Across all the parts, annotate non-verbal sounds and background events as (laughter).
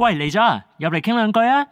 喂，嚟咗啊，入嚟傾兩句啊！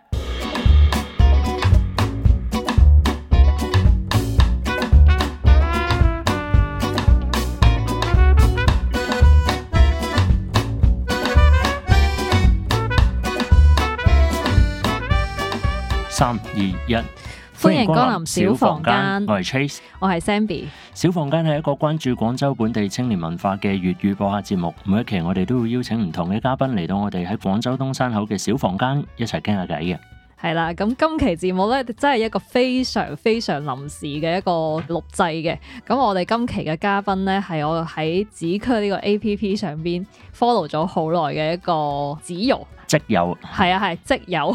三、二、一。歡迎光臨小房間，我係 Trace，我係 Zenbi。小房間係一個關注廣州本地青年文化嘅粵語播客節目，每一期我哋都會邀請唔同嘅嘉賓嚟到我哋喺廣州東山口嘅小房間一齊傾下偈嘅。係啦，咁今期節目咧真係一個非常非常臨時嘅一個錄製嘅。咁我哋今期嘅嘉賓咧係我喺即刻呢個 APP 上邊 follow 咗好耐嘅一個即友，即友係啊係，即友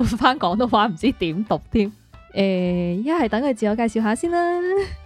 用翻廣東話唔知點讀添。誒，一係等佢自我介紹下先啦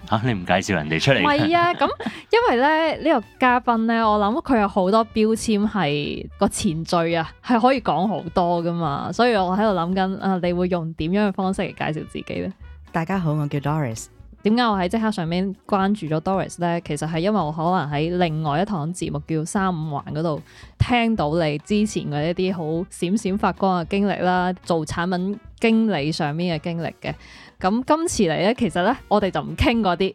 嚇、啊，你唔介紹人哋出嚟？係 (laughs) 啊，咁因為咧呢、呢個嘉賓咧，我諗佢有好多標籤係個前序啊，係可以講好多噶嘛，所以我喺度諗緊啊，你會用點樣嘅方式嚟介紹自己咧？大家好，我叫 Doris。點解我喺即刻上面關注咗 Doris 咧？其實係因為我可能喺另外一堂節目叫《三五環》嗰度聽到你之前嘅一啲好閃閃發光嘅經歷啦，做產品經理上面嘅經歷嘅。咁今次嚟咧，其實咧我哋就唔傾嗰啲，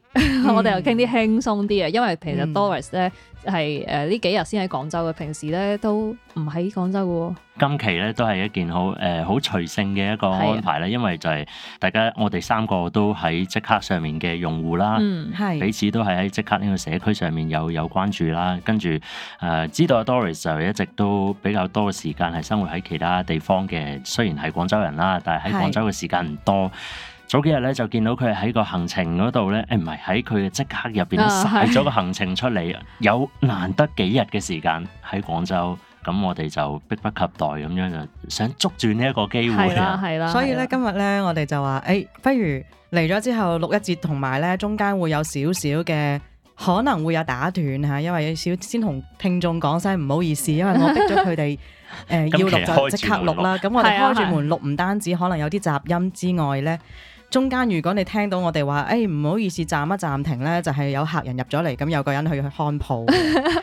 我哋又傾啲輕鬆啲嘅，因為其實 Doris 咧。嗯係，誒呢幾日先喺廣州嘅，平時咧都唔喺廣州嘅、哦。今期咧都係一件好誒好隨性嘅一個安排啦，啊、因為就係大家我哋三個都喺即刻上面嘅用戶啦，係、嗯、彼此都係喺即刻呢個社區上面有有關注啦，跟住誒、呃、知道 Doris 就一直都比較多嘅時間係生活喺其他地方嘅，雖然係廣州人啦，但係喺廣州嘅時間唔多。是嗯早幾日咧就見到佢喺個行程嗰度咧，誒唔係喺佢嘅即刻入邊晒咗個行程出嚟，啊，有難得幾日嘅時間喺廣州，咁我哋就迫不及待咁樣就想捉住呢一個機會啦，係啦，係啦，所以咧今日咧我哋就話誒，不如嚟咗之後錄一節，同埋咧中間會有少少嘅可能會有打斷嚇，因為有少先同聽眾講聲唔好意思，因為我逼咗佢哋誒要錄即刻錄，錄啦。咁我哋開住門錄，唔單止可能有啲雜音之外咧。中間如果你聽到我哋話，誒、哎、唔好意思，暫一暫停咧，就係、是、有客人入咗嚟，咁有個人去去看鋪，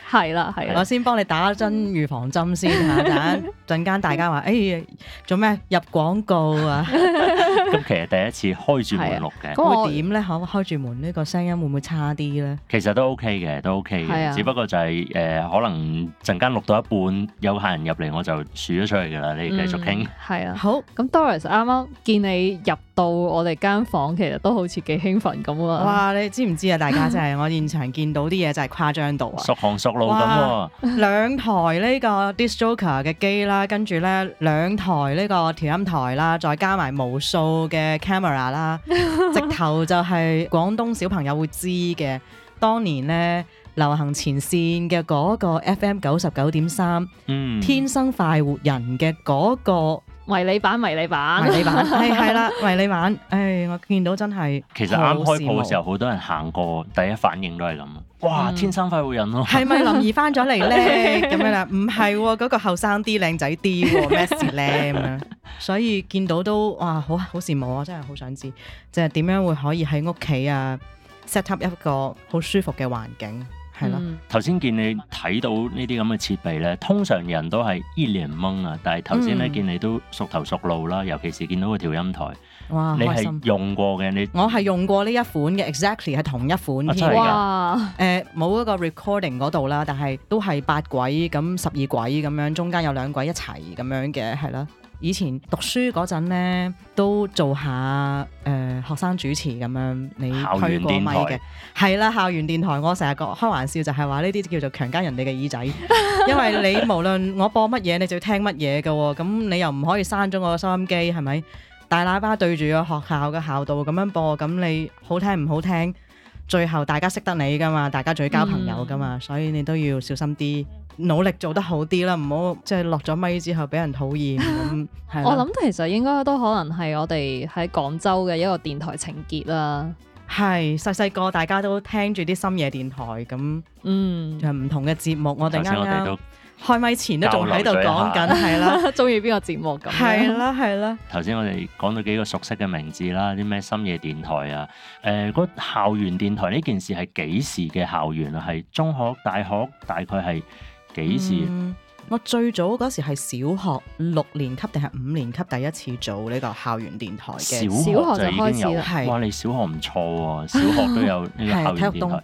係啦， (laughs) 係。我先幫你打一針預防針先嚇， (laughs) 等陣間大家話，誒、哎、做咩入廣告啊？咁 (laughs) (laughs) 其實第一次開住門錄嘅，咁會點咧，可開住門呢個聲音會唔會差啲咧？其實都 OK 嘅，都 OK 嘅，的只不過就係誒可能陣間錄到一半有客人入嚟，我就數咗出嚟㗎啦，你繼續傾。係啊、嗯，好，咁 Doris 啱啱見你入到我哋。房間房其實都好似幾興奮咁喎！哇，你知唔知啊？大家即係我現場見到啲嘢，就係誇張到啊！熟行熟路咁喎哇，兩台呢個 DISC JOKER 嘅機啦，跟住呢兩台呢個調音台啦，再加埋無數嘅 camera 啦， (laughs) 直頭就係廣東小朋友會知嘅，當年呢，流行前線嘅嗰個 FM 九十九點三，嗯，天生快活人嘅嗰個。迷你版，迷你版，係係啦，迷你版。唉、哎，我見到真係其實啱開鋪嘅時候，好多人行過，第一反應都係咁。哇！天生快活人咯，係 (laughs) 咪林怡翻咗嚟咧？咁 (laughs) 樣啦，唔係嗰個後生啲、靚仔啲，咩 (laughs) 事咧？所以見到都哇，好好羨慕啊！真係好想知，就係、是、點樣會可以喺屋企啊 set up 一個好舒服嘅環境。係咯，頭先、嗯、見你睇到呢啲咁嘅設備咧，通常人都係一輪懵啊，但係頭先咧見你都熟頭熟路啦，尤其是見到個調音台，哇你係用過嘅。心你我係用過呢一款嘅，exactly 係同一款、啊就是啊、哇，誒冇、呃、一個 recording 嗰度啦，但係都係八軌咁十二軌咁樣，中間有兩軌一齊咁樣嘅，係咯。以前讀書嗰陣咧，都做下誒、呃、學生主持咁樣，你推過咪嘅，係啦，校園電台。電台我成日講開玩笑就係話呢啲叫做強姦人哋嘅耳仔， (laughs) 因為你無論我播乜嘢，你就要聽乜嘢嘅。咁你又唔可以閂咗我個收音機，係咪？大喇叭對住個學校嘅校道咁樣播，咁你好聽唔好聽，最後大家識得你噶嘛，大家仲要交朋友噶嘛，嗯、所以你都要小心啲。努力做得好啲啦，唔好即係落咗咪之後俾人討厭。我諗其實應該都可能係我哋喺廣州嘅一個電台情結啦。係細細個大家都聽住啲深夜電台咁，嗯，就唔同嘅節目。我哋啱啱開咪前都仲喺度講緊，係啦，中意邊個節目咁？係啦，係啦。頭先我哋講到幾個熟悉嘅名字啦，啲咩深夜電台啊，誒、呃，嗰校園電台呢件事係幾時嘅校園啊？係中學大學大概係。幾時、嗯？我最早嗰時係小學六年級定係五年級，第一次做呢個校園電台嘅。小學就開始啦。哇！你小學唔錯喎、啊，小學都有呢個校園電台。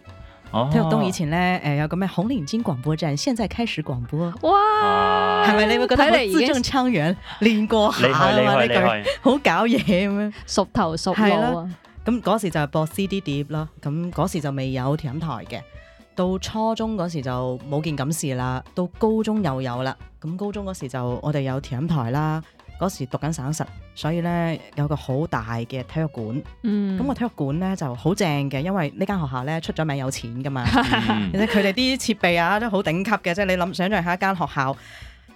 體育東以前咧，誒、呃、有個咩紅領巾廣播站，現在開始廣播。哇！係咪、啊、你會覺得我已經槍樣練過下啦？呢句好搞嘢咁樣熟頭熟路啊！咁嗰時就係播 CD 碟咯。咁嗰時就未有調音台嘅。到初中嗰時就冇件咁事啦，到高中又有啦。咁高中嗰時就我哋有調音台啦。嗰時讀緊省實，所以呢，有個好大嘅體育館。咁、嗯、個體育館呢就好正嘅，因為呢間學校呢出咗名有錢噶嘛，而且佢哋啲設備啊 (laughs) 都好頂級嘅。即係你諗想像一下一間學校，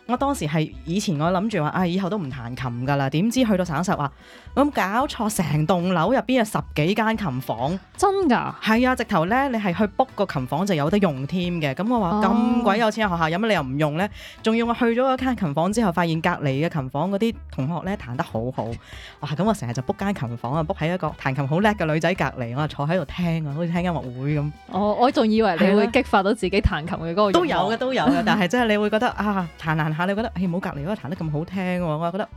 我當時係以前我諗住話啊，以後都唔彈琴噶啦。點知去到省實話。咁搞錯，成棟樓入邊有十幾間琴房，真㗎？係啊，直頭咧，你係去 book 個琴房就有得用添嘅。咁我話咁鬼有錢嘅學校，有乜理由唔用咧？仲要我去咗一間琴房之後，發現隔離嘅琴房嗰啲同學咧彈得好好，哇、啊！咁我成日就 book 間琴房啊，book 喺一個彈琴好叻嘅女仔隔離，我係坐喺度聽啊，好似聽音樂會咁、哦。我仲以為你會激發到自己彈琴嘅嗰個都有嘅，都有嘅。但係真係你會覺得 (laughs) 啊，彈彈下，你覺得唉冇隔離嗰個彈得咁好聽喎，我覺得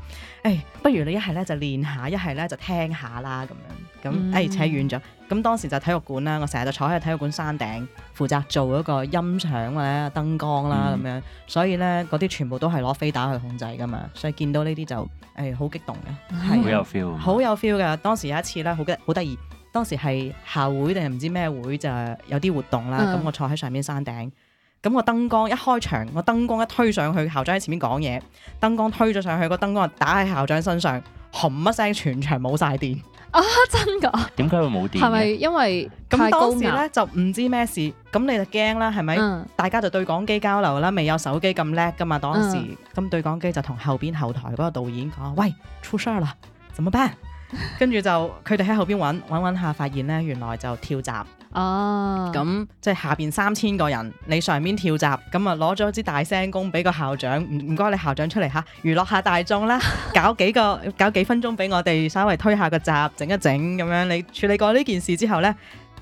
唉、哎，不如你一係咧就練下。一係咧就聽下啦咁樣，咁哎扯遠咗，咁當時就體育館啦，我成日就坐喺體育館山頂負責做一個音響咧、燈光啦咁樣，mm hmm. 所以咧嗰啲全部都係攞飛打去控制噶嘛，所以見到呢啲就誒好、欸、激動嘅，係好、mm hmm. 有 feel，好有 feel 嘅。當時有一次咧，好激好得意，當時係校會定係唔知咩會就有啲活動啦，咁、mm hmm. 我坐喺上面山頂。咁個燈光一開場，個燈光一推上去，校長喺前面講嘢，燈光推咗上去，個燈光打喺校長身上，轟一聲，全場冇晒電。啊、哦，真噶？點解會冇電？係咪因為咁當時咧就唔知咩事？咁你就驚啦，係咪？嗯、大家就對講機交流啦，未有手機咁叻噶嘛。當時咁、嗯、對講機就同後邊後台嗰個導演講，嗯、喂，出事啦，怎麼辦？跟住 (laughs) 就佢哋喺後邊揾揾揾下，找找找發現咧原來就跳閘。哦，咁即係下邊三千個人，你上面跳閘，咁啊，攞咗支大聲公俾個校長，唔唔該你校長出嚟吓，啊，娛樂下大眾啦，搞幾個搞幾分鐘俾我哋稍微推下個閘，整一整咁樣，你處理過呢件事之後呢。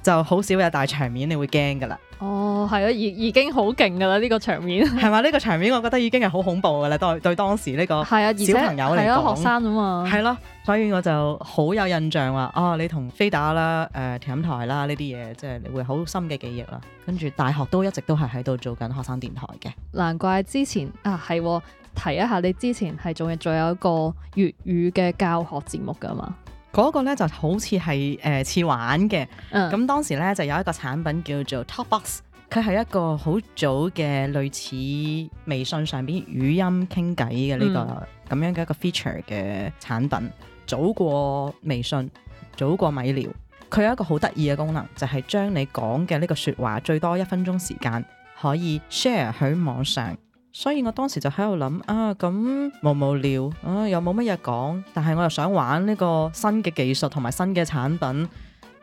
就好少有大場面，你會驚噶啦。哦，係啊，已已經好勁噶啦，呢個場面係咪？呢、 (laughs) 呢個場面我覺得已經係好恐怖噶啦。對對，當時呢個係啊，小朋友嚟講學生啊嘛，係咯，所以我就好有印象話啊，你同飛打啦、誒、呃，調音台啦呢啲嘢，即係你會好深嘅記憶啦。跟住大學都一直都係喺度做緊學生電台嘅。難怪之前啊，係提一下你之前係仲要再有一個粵語嘅教學節目噶嘛。嗰個咧就好似係誒似玩嘅咁，嗯、當時咧就有一個產品叫做 Topbox，佢係一個好早嘅類似微信上邊語音傾偈嘅呢個咁、嗯、樣嘅一個 feature 嘅產品，早過微信，早過米聊。佢有一個好得意嘅功能，就係、是、將你講嘅呢個説話最多一分鐘時間可以 share 喺網上。所以我當時就喺度諗啊，咁無無聊啊，又冇乜嘢講，但係我又想玩呢個新嘅技術同埋新嘅產品，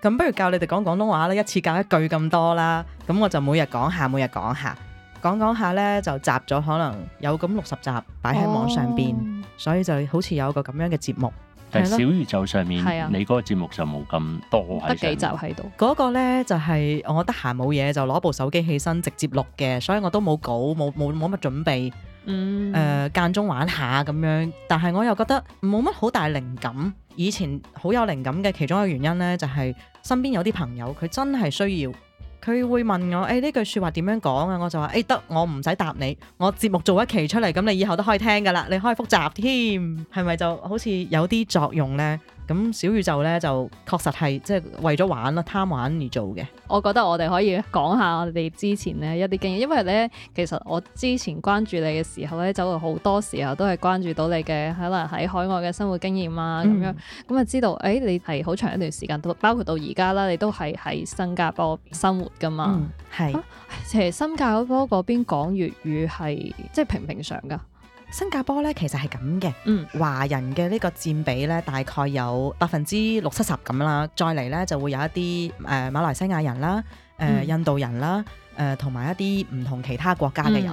咁不如教你哋講廣東話，一次教一句咁多啦，咁我就每日講下，每日講下，講一講一下講講下呢，就集咗，可能有咁六十集擺喺網上邊，oh. 所以就好似有個咁樣嘅節目。但小宇宙上面，的你嗰個節目就冇咁多得幾集喺度。嗰個呢就係、是、我得閒冇嘢就攞部手機起身直接錄嘅，所以我都冇稿，冇冇乜準備。嗯，誒、呃、間中玩下咁樣，但係我又覺得冇乜好大靈感。以前好有靈感嘅其中一個原因呢，就係、是、身邊有啲朋友佢真係需要。佢會問我，誒、哎、呢句説話點樣講啊？我就話，誒、哎、得，我唔使答你，我節目做一期出嚟，咁你以後都可以聽㗎喇，你可以複習添，係咪就好似有啲作用呢？咁小宇宙咧就確實係即係為咗玩啦，貪玩而做嘅。我覺得我哋可以講下我哋之前咧一啲經驗，因為咧其實我之前關注你嘅時候咧，就好多時候都係關注到你嘅，可能喺海外嘅生活經驗啊咁、嗯、樣，咁啊知道誒、欸、你係好長一段時間到，包括到而家啦，你都係喺新加坡生活㗎嘛，係、嗯啊。其實新加坡嗰邊講粵語係即係平平常㗎。新加坡咧其實係咁嘅，嗯、華人嘅呢個佔比咧大概有百分之六七十咁啦，再嚟咧就會有一啲誒、呃、馬來西亞人啦、誒、呃、印度人啦、誒同埋一啲唔同其他國家嘅人。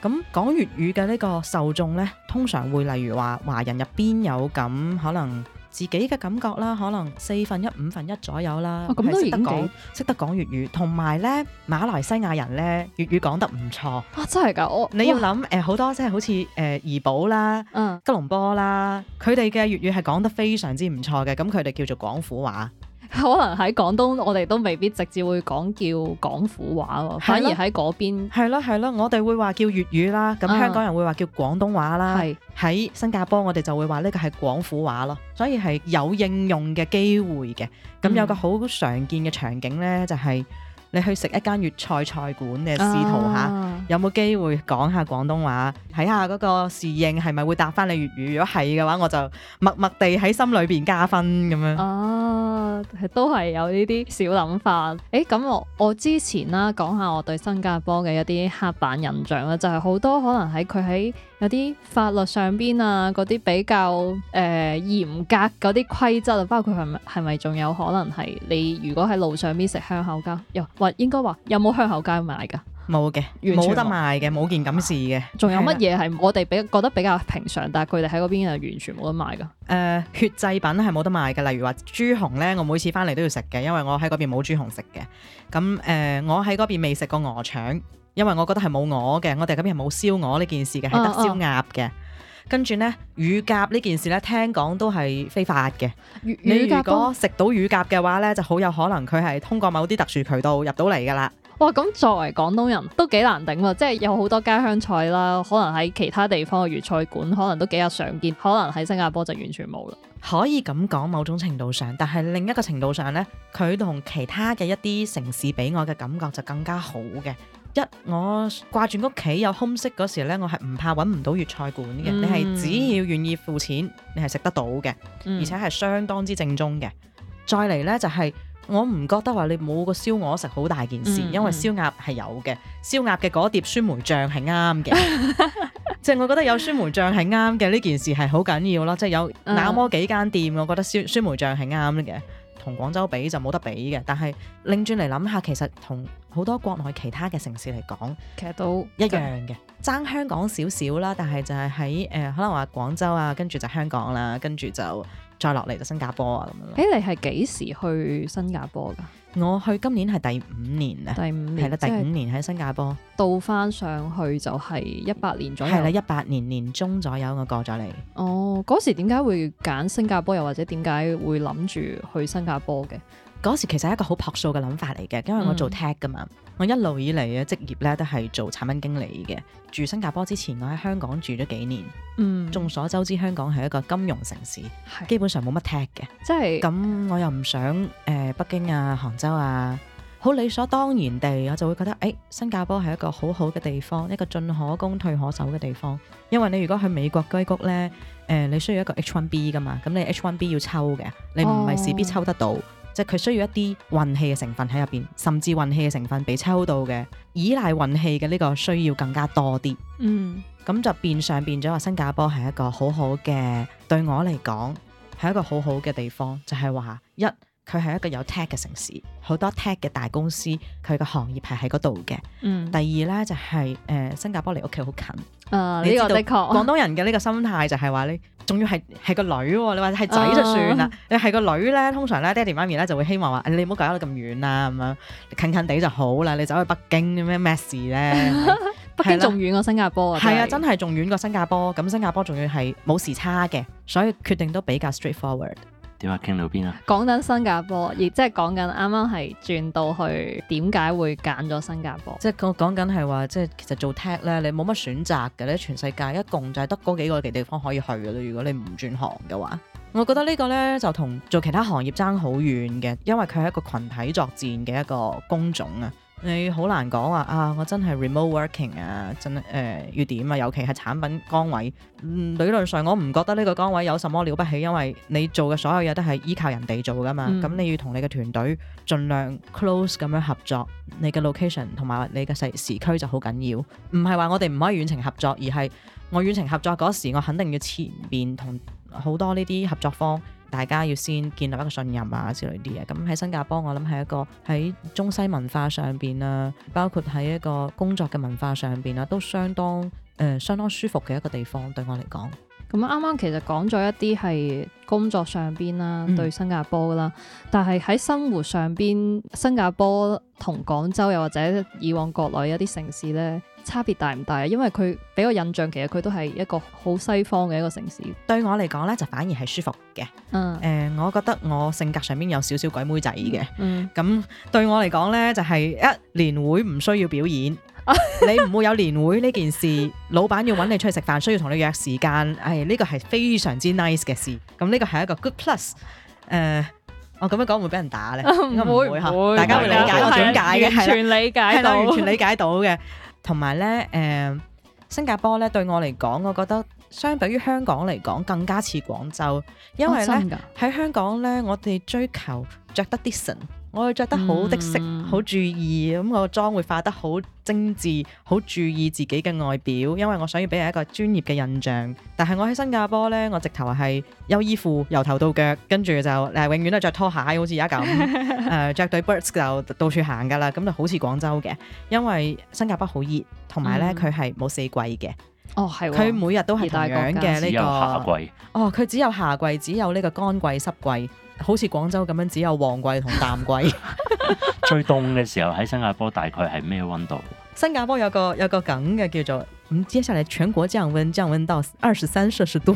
咁、嗯嗯、講粵語嘅呢個受眾咧，通常會例如話華人入邊有咁可能。自己嘅感覺啦，可能四分一五分一左右啦。咁、哦、都識得講，識得講粵語，同埋咧馬來西亞人咧粵語講得唔錯。啊、想哇！真係㗎，我你要諗誒好多、就是，即係好似誒怡保啦、嗯、吉隆坡啦，佢哋嘅粵語係講得非常之唔錯嘅。咁佢哋叫做廣府話。可能喺廣東，我哋都未必直接會講叫廣府話咯，係啦，反而喺嗰邊係啦，係啦，我哋會話叫粵語啦，咁香港人會話叫廣東話啦，喺、啊、新加坡我哋就會話呢個係廣府話咯，所以係有應用嘅機會嘅。咁有個好常見嘅場景呢，嗯、就係、是。你去食一間粵菜菜館嘅試圖下，啊、有冇機會講下廣東話？睇下嗰個侍應係咪會答返你粵語？如果係嘅話，我就默默地喺心裏邊加分咁樣。哦、啊，都係有呢啲小諗法。誒、欸，咁我我之前啦，講下我對新加坡嘅一啲刻板印象啦，就係、是、好多可能喺佢喺。有啲法律上邊啊，嗰啲比較誒、呃、嚴格嗰啲規則啊，包括係咪係咪仲有可能係你如果喺路上邊食香口膠，又或應該話有冇香口膠賣㗎？冇嘅，完全冇得賣嘅，冇件咁事嘅。仲有乜嘢係我哋比覺得比較平常，但係佢哋喺嗰邊係完全冇得賣㗎？誒、呃，血製品係冇得賣嘅，例如話豬紅呢，我每次返嚟都要食嘅，因為我喺嗰邊冇豬紅食嘅。咁誒、呃，我喺嗰邊未食過鵝腸。因為我覺得係冇鵝嘅，我哋嗰邊係冇燒鵝呢件事嘅，係得燒鴨嘅。啊啊、跟住呢，乳鴿呢件事呢，聽講都係非法嘅。乳你如果食、啊、到乳鴿嘅話呢，就好有可能佢係通過某啲特殊渠道入到嚟噶啦。哇！咁作為廣東人都幾難頂啊，即係有好多家鄉菜啦，可能喺其他地方嘅粵菜館可能都幾有常見，可能喺新加坡就完全冇啦。可以咁講，某種程度上，但係另一個程度上呢，佢同其他嘅一啲城市俾我嘅感覺就更加好嘅。一我掛住屋企有空色嗰時咧，我係唔怕搵唔到粵菜館嘅。嗯、你係只要願意付錢，你係食得到嘅，嗯、而且係相當之正宗嘅。再嚟咧就係、是、我唔覺得話你冇個燒鵝食好大件事，嗯嗯、因為燒鴨係有嘅，燒鴨嘅嗰碟酸梅醬係啱嘅，即係 (laughs) 我覺得有酸梅醬係啱嘅呢件事係好緊要咯。即、就、係、是、有那麼幾間店，我覺得燒酸梅醬係啱嘅。同廣州比就冇得比嘅，但係，擰轉嚟諗下，其實同好多國內其他嘅城市嚟講，其實都一樣嘅，爭香港少少啦。但係就係喺誒，可能話廣州啊，跟住就香港啦，跟住就再落嚟就新加坡啊咁樣。誒，你係幾時去新加坡㗎？我去今年係第五年啦，第五年係啦，了是第五年喺新加坡。倒翻上去就係一八年左右，係啦，一八年年，年中左右我過咗嚟。哦。嗰時點解會揀新加坡？又或者點解會諗住去新加坡嘅嗰時？其實係一個好樸素嘅諗法嚟嘅，因為我做 tech 噶嘛。嗯、我一路以嚟嘅職業咧，都係做產品經理嘅。住新加坡之前，我喺香港住咗幾年。嗯，眾所周知香港係一個金融城市，是基本上冇乜 tech 嘅，即係咁我又唔想誒、呃、北京啊、杭州啊，好理所當然地我就會覺得誒、欸、新加坡係一個好好嘅地方，一個進可攻退可守嘅地方。因為你如果去美國硅谷呢。誒、呃、你需要一個 H1B 噶嘛，咁你 H1B 要抽嘅，你唔係時必抽得到，哦、即係佢需要一啲運氣嘅成分喺入邊，甚至運氣嘅成分畀抽到嘅，依賴運氣嘅呢個需要更加多啲。嗯，咁就變相變咗話新加坡係一個好好嘅，對我嚟講係一個好好嘅地方，就係、是、話一。佢係一個有 tech 嘅城市，好多 tech 嘅大公司，佢個行業係喺嗰度嘅。嗯、第二咧就係、是、誒、呃、新加坡離屋企好近。呢、啊、個的確廣東人嘅呢個心態就係話你仲要係係個女、哦，你或者係仔就算啦。你係、啊、個女咧，通常咧爹哋媽咪咧就會希望話、哎：你唔好嫁得咁遠啦、啊，咁樣近近地就好啦。你走去北京咁咩事咧？ (laughs) 北京仲遠過新加坡啊！係啊對，真係仲遠過新加坡。咁新加坡仲要係冇時差嘅，所以決定都比較 straightforward。點啊？傾到邊啊？講緊新加坡，亦即係講緊啱啱係轉到去點解會揀咗新加坡？即係講講緊係話，即係其實做 tech 咧，你冇乜選擇嘅咧，全世界一共就係得嗰幾個地方可以去嘅。如果你唔轉行嘅話，我覺得呢個咧就同做其他行業爭好遠嘅，因為佢係一個群體作戰嘅一個工種啊。你好難講話啊，啊！我真係 remote working 啊，真誒要點啊？尤其係產品崗位，理論上我唔覺得呢個崗位有什麼了不起，因為你做嘅所有嘢都係依靠人哋做㗎嘛。咁、嗯、你要同你嘅團隊盡量 close 咁樣合作，你嘅 location 同埋你嘅時區就好緊要。唔係話我哋唔可以遠程合作，而係我遠程合作嗰時，我肯定要前面同好多呢啲合作方。大家要先建立一個信任啊之類啲嘢，咁喺新加坡我諗係一個喺中西文化上邊啦，包括喺一個工作嘅文化上邊啦，都相當誒、呃，相當舒服嘅一個地方對我嚟講。咁啱啱其實講咗一啲係工作上邊啦，對新加坡啦，但係喺生活上邊，新加坡同廣州又或者以往國內一啲城市呢，差別大唔大啊？因為佢俾我印象，其實佢都係一個好西方嘅一個城市。對我嚟講呢，就反而係舒服嘅。嗯，誒，我覺得我性格上面有少少鬼妹仔嘅。咁對我嚟講呢，就係一年會唔需要表演，你唔會有年會呢件事。老闆要揾你出去食飯，需要同你約時間。哎，呢個係非常之 nice 嘅事。咁呢個係一個 good plus。誒，我咁樣講會唔會俾人打呢？會大家會理解我點解嘅？係啦，理解到，完全理解到嘅。同埋咧，誒、呃、新加坡咧，對我嚟講，我覺得相比於香港嚟講，更加似廣州，因為咧喺香港咧，我哋追求着得啲神。我會着得好的色，好、嗯、注意咁，我妝會化得好精緻，好注意自己嘅外表，因為我想要俾人一個專業嘅印象。但係我喺新加坡咧，我直頭係優衣庫由頭到腳，跟住就、呃、永遠都着拖鞋，好似而家咁誒著對 birds 就到處行㗎啦。咁就好似廣州嘅，因為新加坡好熱，同埋咧佢係冇四季嘅。嗯、哦，係、哦。佢每日都係同樣嘅呢個。哦，佢只有夏季、哦，只有呢個乾季濕季。好似廣州咁樣，只有旺季同淡季。 (laughs) 最凍嘅時候喺新加坡大概係咩溫度？新加坡有個有個梗嘅叫做咁，接下嚟全國降溫，降溫到二十三攝氏度，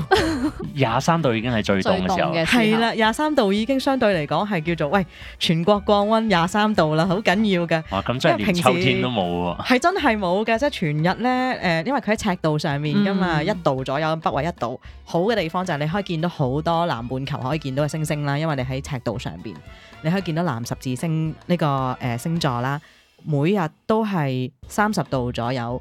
廿 (laughs) 三度已經係最凍嘅時候，係啦， (laughs) 廿三度已經相對嚟講係叫做喂，全國降溫廿三度啦，好緊要嘅。哇，咁真係連秋天都冇喎，係真係冇嘅，即係全日咧誒、呃，因為佢喺赤道上面噶嘛，嗯、一度左右北緯一度。好嘅地方就係你可以見到好多南半球可以見到嘅星星啦，因為你喺赤道上邊，你可以見到南十字星呢、這個誒星座啦。每日都係三十度左右，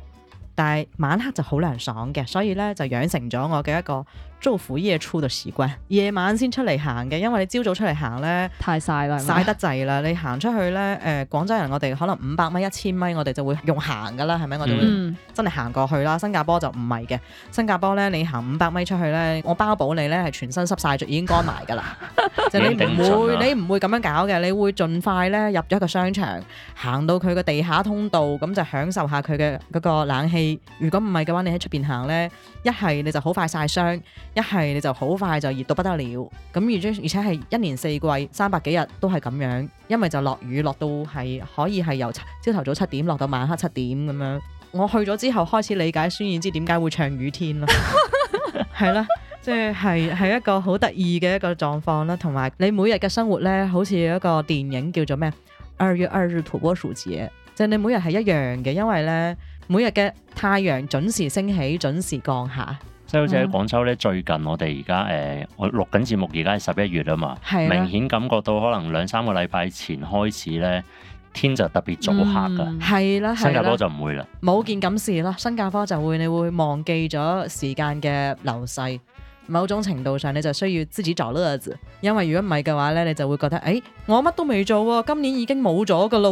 但係晚黑就好涼爽嘅，所以咧就養成咗我嘅一個。中午夜時出就屎鬼，夜晚先出嚟行嘅，因為你朝早出嚟行咧太晒啦，晒得滯啦。你行出去咧，誒、呃，廣州人我哋可能五百米一千米，米我哋就會用行噶啦，係咪？嗯、我哋會真係行過去啦。新加坡就唔係嘅，新加坡咧你行五百米出去咧，我包保你咧係全身濕晒，就已經乾埋㗎啦。 (laughs) 就你唔會， (laughs) 你唔會咁 (laughs) 樣搞嘅，你會盡快咧入咗一個商場，行到佢個地下通道，咁就享受下佢嘅嗰個冷氣。如果唔係嘅話，你喺出邊行咧，一係你就好快，就快晒傷。一係你就好快就熱到不得了，咁而而且係一年四季三百幾日都係咁樣，因為就落雨，落到係可以係由朝頭早七點落到晚黑七點咁樣。我去咗之後開始理解孫燕姿點解會唱雨天 (laughs) (laughs) 啦，係、就是、啦，即係係係一個好得意嘅一個狀況啦。同埋你每日嘅生活咧，好似一個電影叫做咩啊，《二月二日土撥鼠節》，即係你每日係一樣嘅，因為咧每日嘅太陽準時升起，準時降下。即係好似喺廣州咧，最近我哋而家誒，我錄緊節目，而家係十一月啊嘛，係，明顯感覺到可能兩三個禮拜前開始咧，天就特別早黑㗎。係啦、嗯，新加坡就唔會啦，冇件咁事咯。新加坡就會你會忘記咗時間嘅流逝。某種程度上，你就需要自己找樂子，因為如果唔係嘅話咧，你就會覺得，誒、哎，我乜都未做，今年已經冇咗噶啦，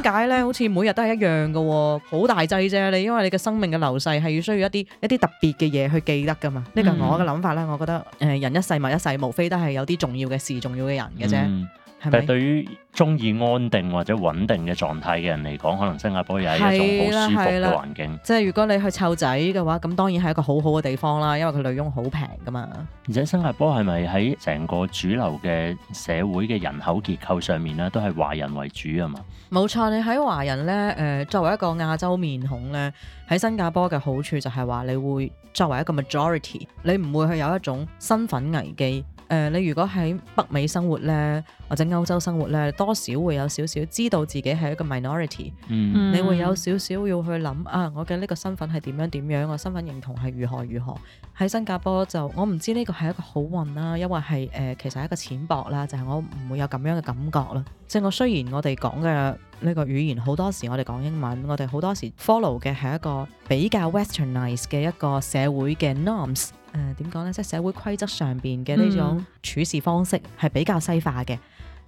點解咧？ (laughs) 好似每日都係一樣嘅，好大劑啫。你因為你嘅生命嘅流逝係要需要一啲一啲特別嘅嘢去記得噶嘛？呢、嗯、個我嘅諗法啦，我覺得，誒、呃，人一世物一世，無非都係有啲重要嘅事、重要嘅人嘅啫。嗯但係，對於中意安定或者穩定嘅狀態嘅人嚟講，可能新加坡又係一種好舒服嘅環境。即係如果你去湊仔嘅話，咁當然係一個好好嘅地方啦，因為佢女傭好平噶嘛。而且新加坡係咪喺成個主流嘅社會嘅人口結構上面咧，都係華人為主啊嘛？冇錯。你喺華人咧，誒、呃、作為一個亞洲面孔咧，喺新加坡嘅好處就係話，你會作為一個 majority，你唔會去有一種身份危機。誒、呃，你如果喺北美生活咧。或者歐洲生活咧，多少會有少少知道自己係一個 minority、嗯、你會有少少要去諗啊，我嘅呢個身份係點樣點樣？我身份認同係如何如何？喺新加坡就我唔知呢個係一個好運啦，因為係誒、呃、其實係一個淺薄啦，就係、是、我唔會有咁樣嘅感覺咯。即係我雖然我哋講嘅呢個語言好多時我哋講英文，我哋好多時 follow 嘅係一個比較 westernized 嘅一個社會嘅 norms，誒、呃、點講呢？即係社會規則上邊嘅呢種處事方式係比較西化嘅。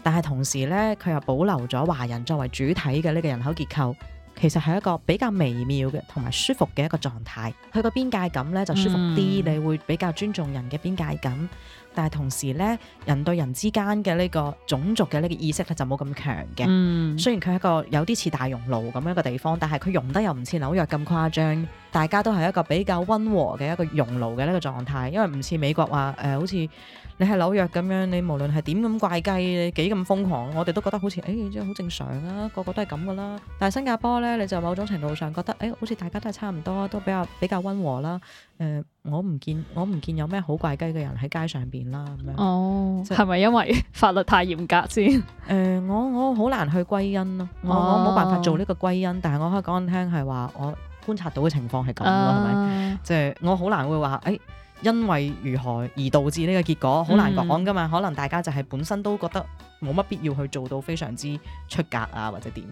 但係同時咧，佢又保留咗華人作為主體嘅呢個人口結構，其實係一個比較微妙嘅同埋舒服嘅一個狀態。佢個邊界感咧就舒服啲，嗯、你會比較尊重人嘅邊界感。但係同時咧，人對人之間嘅呢個種族嘅呢個意識，佢就冇咁強嘅。雖然佢係一個有啲似大熔爐咁樣嘅地方，但係佢融得又唔似紐約咁誇張，大家都係一個比較溫和嘅一個熔爐嘅呢個狀態，因為唔似美國話誒、呃、好似。你係紐約咁樣，你無論係點咁怪雞，你幾咁瘋狂，我哋都覺得好似誒，即係好正常啊，個個都係咁噶啦。但係新加坡咧，你就某種程度上覺得誒、欸，好似大家都係差唔多，都比較比較溫和啦。誒、呃，我唔見我唔見有咩好怪雞嘅人喺街上邊啦咁樣。哦，係咪即因為法律太嚴格先？誒、呃，我我好難去歸因咯，我我冇辦法做呢個歸因，哦、但係我可以講緊聽係話，我觀察到嘅情況係咁咯，係咪、啊？即係我好難會話誒。欸因為如何而導致呢個結果，好難講㗎嘛。可能大家就係本身都覺得冇乜必要去做到非常之出格啊，或者點。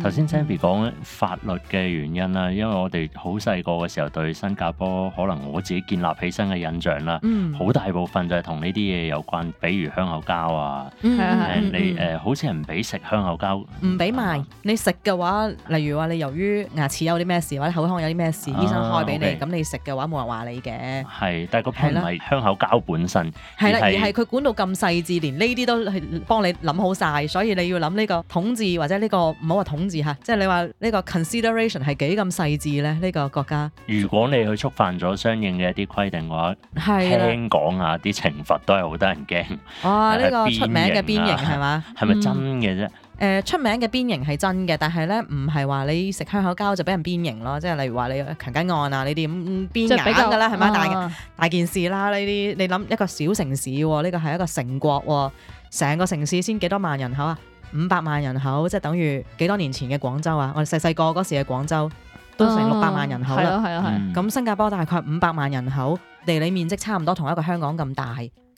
頭先 Sammy 講法律嘅原因啦，因為我哋好細個嘅時候對新加坡，可能我自己建立起身嘅印象啦，好大部分就係同呢啲嘢有關，比如香口膠啊。係係係。你誒好似係唔俾食香口膠？唔俾賣。你食嘅話，例如話你由於牙齒有啲咩事或者口腔有啲咩事，醫生開俾你，咁你食嘅話冇人話你嘅。係。但個噴唔係香口膠本身，的而係是佢管到咁細緻，連呢啲都係幫你諗好晒。所以你要諗呢個統治或者呢、這個唔好話統治嚇，即係你話呢個 consideration 係幾咁細緻咧？呢、這個國家如果你去觸犯咗相應嘅一啲規定嘅話，的聽講啊，啲懲罰都係好得人驚。哦，呢個出名嘅鞭刑係嘛？係咪真嘅啫、嗯？誒、呃、出名嘅鞭刑係真嘅，但係咧唔係話你食香口膠就俾人鞭刑咯，即係例如話你強姦案啊呢啲咁鞭㗎嘅啦，係咪？是是啊、大大件事啦，呢啲你諗一個小城市喎、哦，呢個係一個城國喎、哦，成個城市先幾多萬人口啊？五百萬人口，即係等於幾多年前嘅廣州啊！我哋細細個嗰時嘅廣州都成六百萬人口啦，係咁、啊嗯、新加坡大概五百萬人口，地理面積差唔多同一個香港咁大。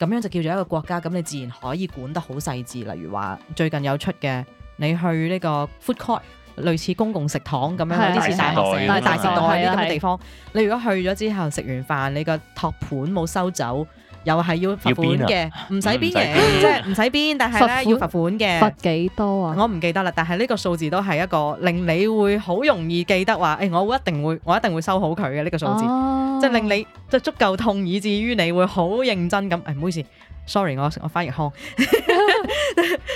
咁樣就叫做一個國家，咁你自然可以管得好細緻，例如話最近有出嘅，你去呢個 food court，類似公共食堂咁樣，好似大學大食堂啲咁嘅地方，你如果去咗之後食完飯，你個托盤冇收走。又係要罰款嘅，唔使鞭嘅，鞭嗯、鞭即係唔使鞭，咦但係咧要罰款嘅，罰幾多啊？我唔記得啦，但係呢個數字都係一個令你會好容易記得話，誒、欸，我一定會，我一定會收好佢嘅呢個數字，即係、哦、令你即係足夠痛，以至於你會好認真咁。誒、哎，唔好意思，sorry，我我翻譯腔，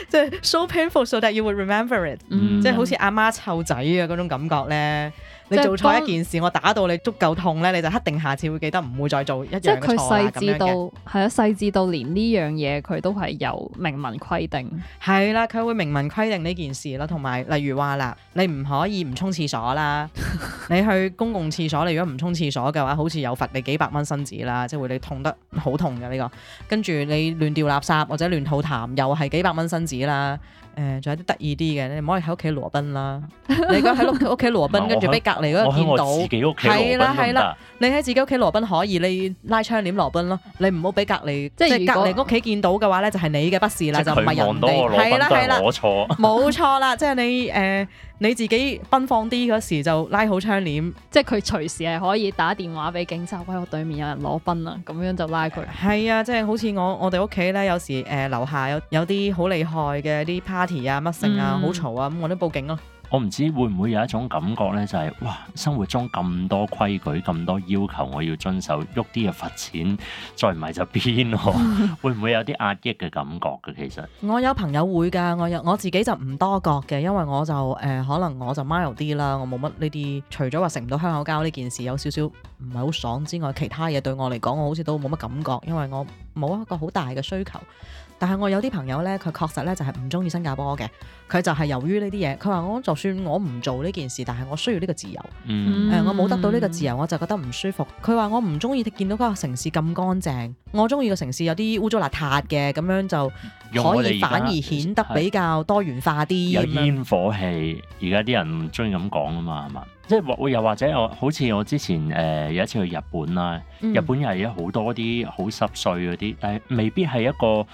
即係 so painful，so that you would remember it，即係、嗯、好似阿媽湊仔嘅嗰種感覺咧。你做錯一件事，我打到你足夠痛咧，你就一定下次會記得唔會再做一樣錯。即係佢細緻到係啊，細緻到連呢樣嘢佢都係有明文規定。係啦， (laughs) 佢會明文規定呢件事啦。同埋例如話啦，你唔可以唔沖廁所啦。 (laughs) 你去公共廁所，你如果唔沖廁所嘅話，好似有罰你幾百蚊新紙啦，即係會你痛得好痛嘅呢個。跟住你亂掉垃圾或者亂吐痰，又係幾百蚊新紙啦。誒，仲、嗯、有啲得意啲嘅，你唔可以喺屋企羅賓啦。你如果喺屋屋企羅賓， (laughs) 是跟住俾隔離嗰個見到，係啦係啦。你喺自己屋企羅賓可以，你拉窗簾羅賓咯。你唔好俾隔離，即係是是隔離屋企見到嘅話咧，就係、是、你嘅不，是不是啦，就唔係人哋。係啦係啦，冇錯冇錯啦，即係你誒。你自己奔放啲嗰時就拉好窗簾，即係佢隨時係可以打電話俾警察，喂，我對面有人攞奔啦，咁樣就拉佢。係、呃、啊，即係好似我我哋屋企咧，有時誒樓、呃、下有有啲好厲害嘅啲 party 啊乜剩啊，好嘈、嗯、啊，咁、嗯、我都報警咯、啊。我唔知會唔會有一種感覺呢就係、是、哇，生活中咁多規矩、咁多要求，我要遵守，喐啲嘢罰錢，再唔係就變喎， (laughs) 會唔會有啲壓抑嘅感覺嘅？其實 (laughs) 我有朋友會㗎，我有我自己就唔多覺嘅，因為我就誒、呃、可能我就 mild 啲啦，我冇乜呢啲，除咗話食唔到香口膠呢件事有少少唔係好爽之外，其他嘢對我嚟講，我好似都冇乜感覺，因為我冇一個好大嘅需求。但係我有啲朋友咧，佢確實咧就係唔中意新加坡嘅，佢就係由於呢啲嘢。佢話我就算我唔做呢件事，但係我需要呢個自由。嗯嗯、我冇得到呢個自由，我就覺得唔舒服。佢話我唔中意見到嗰個城市咁乾淨，我中意個城市有啲污糟邋遢嘅，咁樣就可以反而顯得比較多元化啲。嗯、有煙火氣，而家啲人唔中意咁講啊嘛，係嘛？即係或又或者我好似我之前誒、呃、有一次去日本啦，日本又係好多啲好濕碎嗰啲，但未必係一個。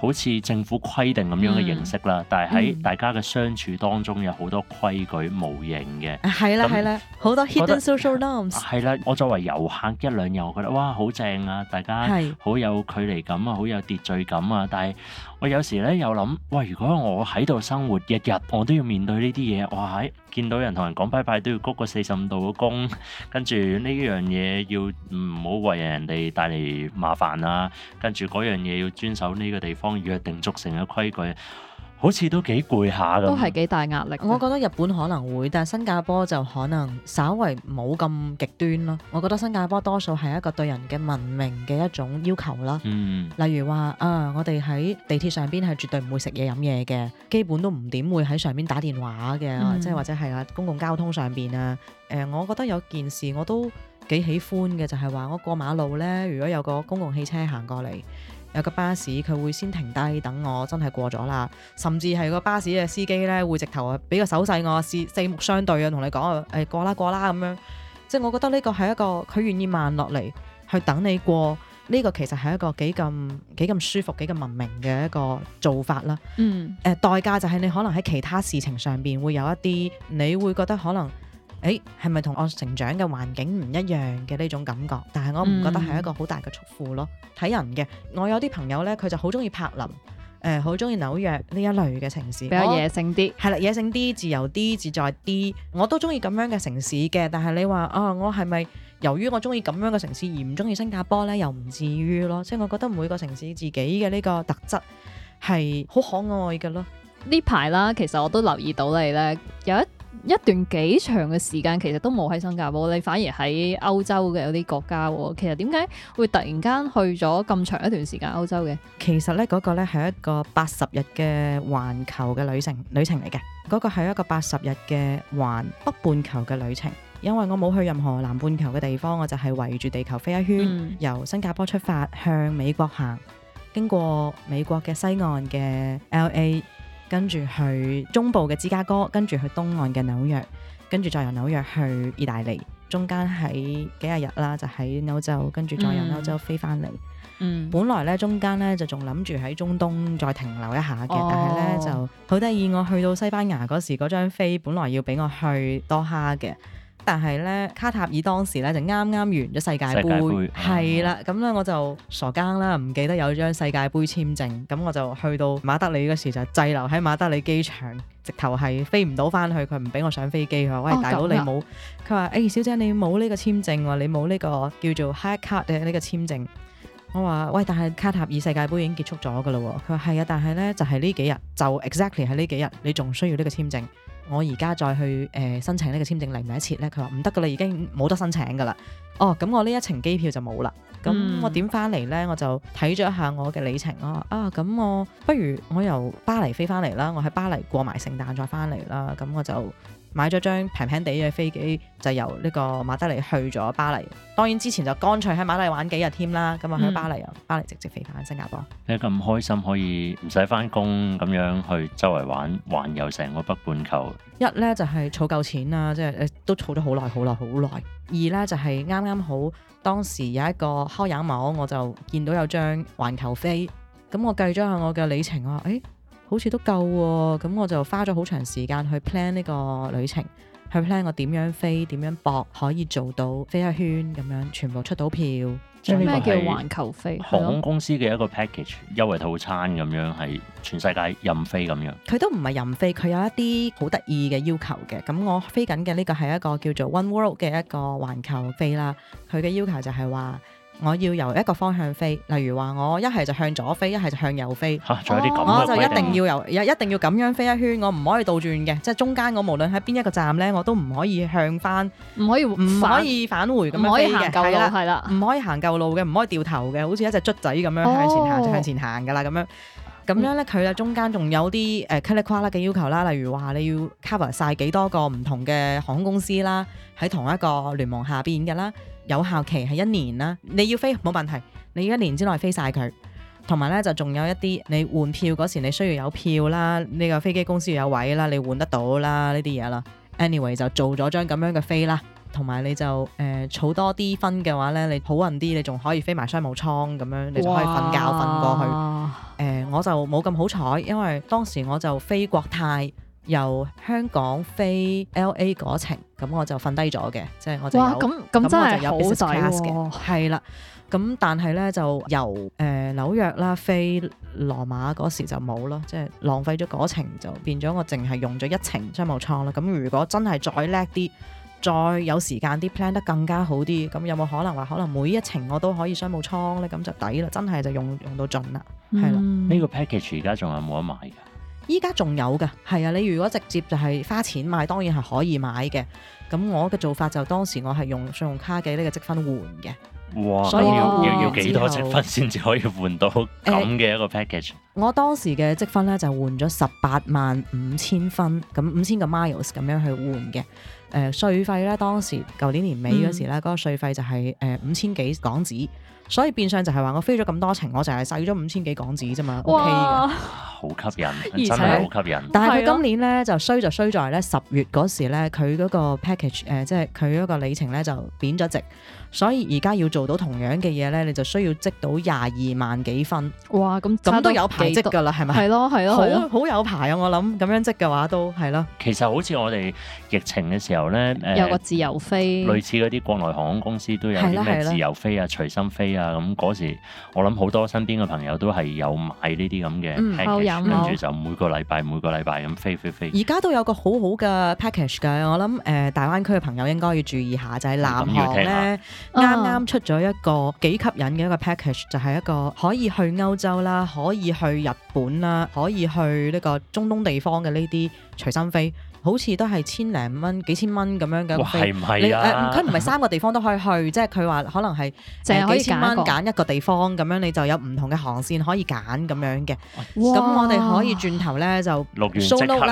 好似政府規定咁樣嘅形式啦，嗯、但係喺大家嘅相處當中有好多規矩模型嘅，係啦係啦，好多 hidden social norms 係啦。我作為遊客一兩日，我覺得哇好正啊！大家好有距離感啊，好有秩序感啊。但係我有時咧又諗喂，如果我喺度生活一日，我都要面對呢啲嘢。哇！見到人同人講拜拜都要鞠個四十五度嘅躬，跟住呢樣嘢要唔好、嗯、為人哋帶嚟麻煩啊，跟住樣嘢要遵守呢個地方。約定俗成嘅規矩，好似都幾攰下咁。都係幾大壓力。我覺得日本可能會，但係新加坡就可能稍為冇咁極端咯。我覺得新加坡多數係一個對人嘅文明嘅一種要求啦。嗯。例如話啊，我哋喺地鐵上邊係絕對唔會食嘢飲嘢嘅，基本都唔點會喺上面打電話嘅，即係或者係喺公共交通上邊啊。誒，我覺得有件事我都幾喜歡嘅，就係話我過馬路呢，如果有個公共汽車行過嚟。有個巴士佢會先停低等我真係過咗啦，甚至係個巴士嘅司機咧會直頭啊俾個手勢我，四四目相對啊同你講啊誒過啦過啦咁樣，即係我覺得呢個係一個佢願意慢落嚟去等你過呢、呢個其實係一個幾咁幾咁舒服幾咁文明嘅一個做法啦。嗯誒、呃、代價就係你可能喺其他事情上邊會有一啲，你會覺得可能。誒係咪同我成長嘅環境唔一樣嘅呢種感覺？但係我唔覺得係一個好大嘅束縛咯。睇、嗯、人嘅，我有啲朋友呢，佢就好中意柏林，誒好中意紐約呢一類嘅城市，比較野性啲。係啦、哦，野性啲，自由啲，自在啲。我都中意咁樣嘅城市嘅。但係你話啊，我係咪由於我中意咁樣嘅城市而唔中意新加坡呢？又唔至於咯。即係我覺得每個城市自己嘅呢個特質係好可愛嘅咯。呢排啦，其實我都留意到你呢。有一一段幾長嘅時間其實都冇喺新加坡，你反而喺歐洲嘅有啲國家。其實點解會突然間去咗咁長一段時間歐洲嘅？其實呢，嗰個呢係一個八十日嘅環球嘅旅程旅程嚟嘅。嗰個係一個八十日嘅環北半球嘅旅程，因為我冇去任何南半球嘅地方，我就係圍住地球飛一圈，嗯、由新加坡出發向美國行，經過美國嘅西岸嘅 LA。跟住去中部嘅芝加哥，跟住去東岸嘅紐約，跟住再由紐約去意大利，中間喺幾廿日啦，就喺歐洲，跟住再由歐洲飛翻嚟、嗯。嗯，本來呢，中間呢，就仲諗住喺中東再停留一下嘅，哦、但係呢，就好得意我去到西班牙嗰時嗰張飛，本來要俾我去多哈嘅。但係咧，卡塔爾當時咧就啱啱完咗世界盃，係啦，咁咧的、嗯、我就傻更啦，唔記得有張世界盃簽證，咁我就去到馬德里嗰時就滯留喺馬德里機場，直頭係飛唔到翻去，佢唔俾我上飛機，佢話喂，大佬你冇，佢話誒，小姐你冇呢個簽證你冇呢、呢個叫做 high cut 嘅呢個簽證，我話喂，但係卡塔爾世界盃已經結束咗㗎啦喎，佢話係啊，但係咧就係呢幾日，就 exactly 喺呢幾日，你仲需要呢個簽證。我而家再去誒、呃、申請個簽呢個簽證嚟唔嚟得切咧？佢話唔得噶啦，已經冇得申請噶啦。哦，咁我呢一程機票就冇啦。咁、嗯、我點翻嚟咧？我就睇咗一下我嘅里程咯。啊，咁我不如我由巴黎飛翻嚟啦。我喺巴黎過埋聖誕再翻嚟啦。咁我就。買咗張平平地嘅飛機，就由呢個馬德里去咗巴黎。當然之前就乾脆喺馬德里玩幾日添啦。咁啊喺巴黎，嗯、巴黎直接飛返新加坡。你咁開心可以唔使翻工咁樣去周圍玩，環遊成個北半球。一咧就係、是、儲夠錢啦，即係都儲咗好耐好耐好耐。二咧就係啱啱好當時有一個開眼網，我就見到有張環球飛，咁我計咗下我嘅里程啊，誒、哎、～好似都夠喎、啊，咁我就花咗好長時間去 plan 呢個旅程，去 plan 我點樣飛、點樣搏可以做到飛一圈咁樣，全部出到票。咩叫環球飛？即係航空公司嘅一個 package 優惠套餐咁樣，係全世界任飛咁樣。佢都唔係任飛，佢有一啲好得意嘅要求嘅。咁我飛緊嘅呢個係一個叫做 One World 嘅一個環球飛啦。佢嘅要求就係話，我要由一個方向飛，例如話我一係就向左飛，一係就向右飛。嚇，仲有啲咁嘅規定。我就一定要由一定要咁樣飛一圈，我唔可以倒轉嘅，即係中間我無論喺邊一個站咧，我都唔可以向翻。唔可以唔可以返回咁樣飛嘅，係啦係啦，唔可以行夠路嘅，唔可以掉頭嘅，好似一隻卒仔咁樣向前行、哦、向前行噶啦咁樣。咁樣咧，佢啊中間仲有啲誒乞力呱啦嘅要求啦，例如話你要 cover 晒幾多個唔同嘅航空公司啦，喺同一個聯盟下邊嘅啦，有效期係一年啦，你要飛冇問題，你要一年之內飛晒佢，同埋咧就仲有一啲你換票嗰時你需要有票啦，呢個飛機公司要有位啦，你換得到啦呢啲嘢啦。anyway 就做咗張咁樣嘅飛啦。同埋你就誒、呃、儲多啲分嘅話咧，你好運啲，你仲可以飛埋商務艙咁樣，你就可以瞓覺瞓哇 過去。誒、呃，我就冇咁好彩，因為當時我就飛國泰由香港飛 L A 嗰程，咁我就瞓低咗嘅，即係我就有咁咁真係好抵嘅，係啦。咁但係咧就由誒、呃、紐約啦飛羅馬嗰時就冇咯，即係浪費咗嗰程就變咗我淨係用咗一程商務艙啦。咁如果真係再叻啲，再有時間啲 plan 得更加好啲，咁有冇可能話可能每一程我都可以商務艙呢？咁就抵啦，真係就用用到盡啦，係啦、嗯。呢的個 package 而家仲有冇得買噶？依家仲有噶，係啊。你如果直接就係花錢買，當然係可以買嘅。咁我嘅做法就當時我係用信用卡嘅呢個積分換嘅。哇所以要要幾多積分先至可以換到咁嘅一個 package？、欸、我當時嘅積分呢，就換咗十八萬五千分，咁五千個 miles 咁樣去換嘅。誒稅、呃、費咧，當時舊年年尾嗰時咧，嗰、嗯、個稅費就係、是、誒、呃、五千幾港紙。所以變相就係話我飛咗咁多程，我就係使咗五千幾港紙啫嘛，OK 嘅。哇！好吸引，真係好吸引。但係佢今年咧就衰就衰在咧十月嗰時咧，佢嗰個 package 誒，即係佢嗰個里程咧就貶咗值，所以而家要做到同樣嘅嘢咧，你就需要積到廿二萬幾分。哇！咁咁都有排積㗎啦，係咪？係咯，係咯，好有排啊！我諗咁樣積嘅話都係咯。其實好似我哋疫情嘅時候咧，有個自由飛，類似嗰啲國內航空公司都有啲咩自由飛啊、隨心飛啊！咁嗰時，我諗好多身邊嘅朋友都係有買呢啲咁嘅 package，跟住就每個禮拜、嗯、每個禮拜咁飛飛飛。而家都有個好好嘅 package 㗎，我諗誒、呃、大灣區嘅朋友應該要注意下，就係、是、南航咧啱啱出咗一個幾吸引嘅一個 package，哦、就係一個可以去歐洲啦，可以去日本啦，可以去呢個中東地方嘅呢啲隨心飛。好似都係千零蚊、幾千蚊咁樣嘅飛，你誒佢唔係三個地方都可以去，即係佢話可能係淨係千蚊揀一個地方咁樣，你就有唔同嘅航線可以揀咁樣嘅。咁我哋可以轉頭咧就 show 咯，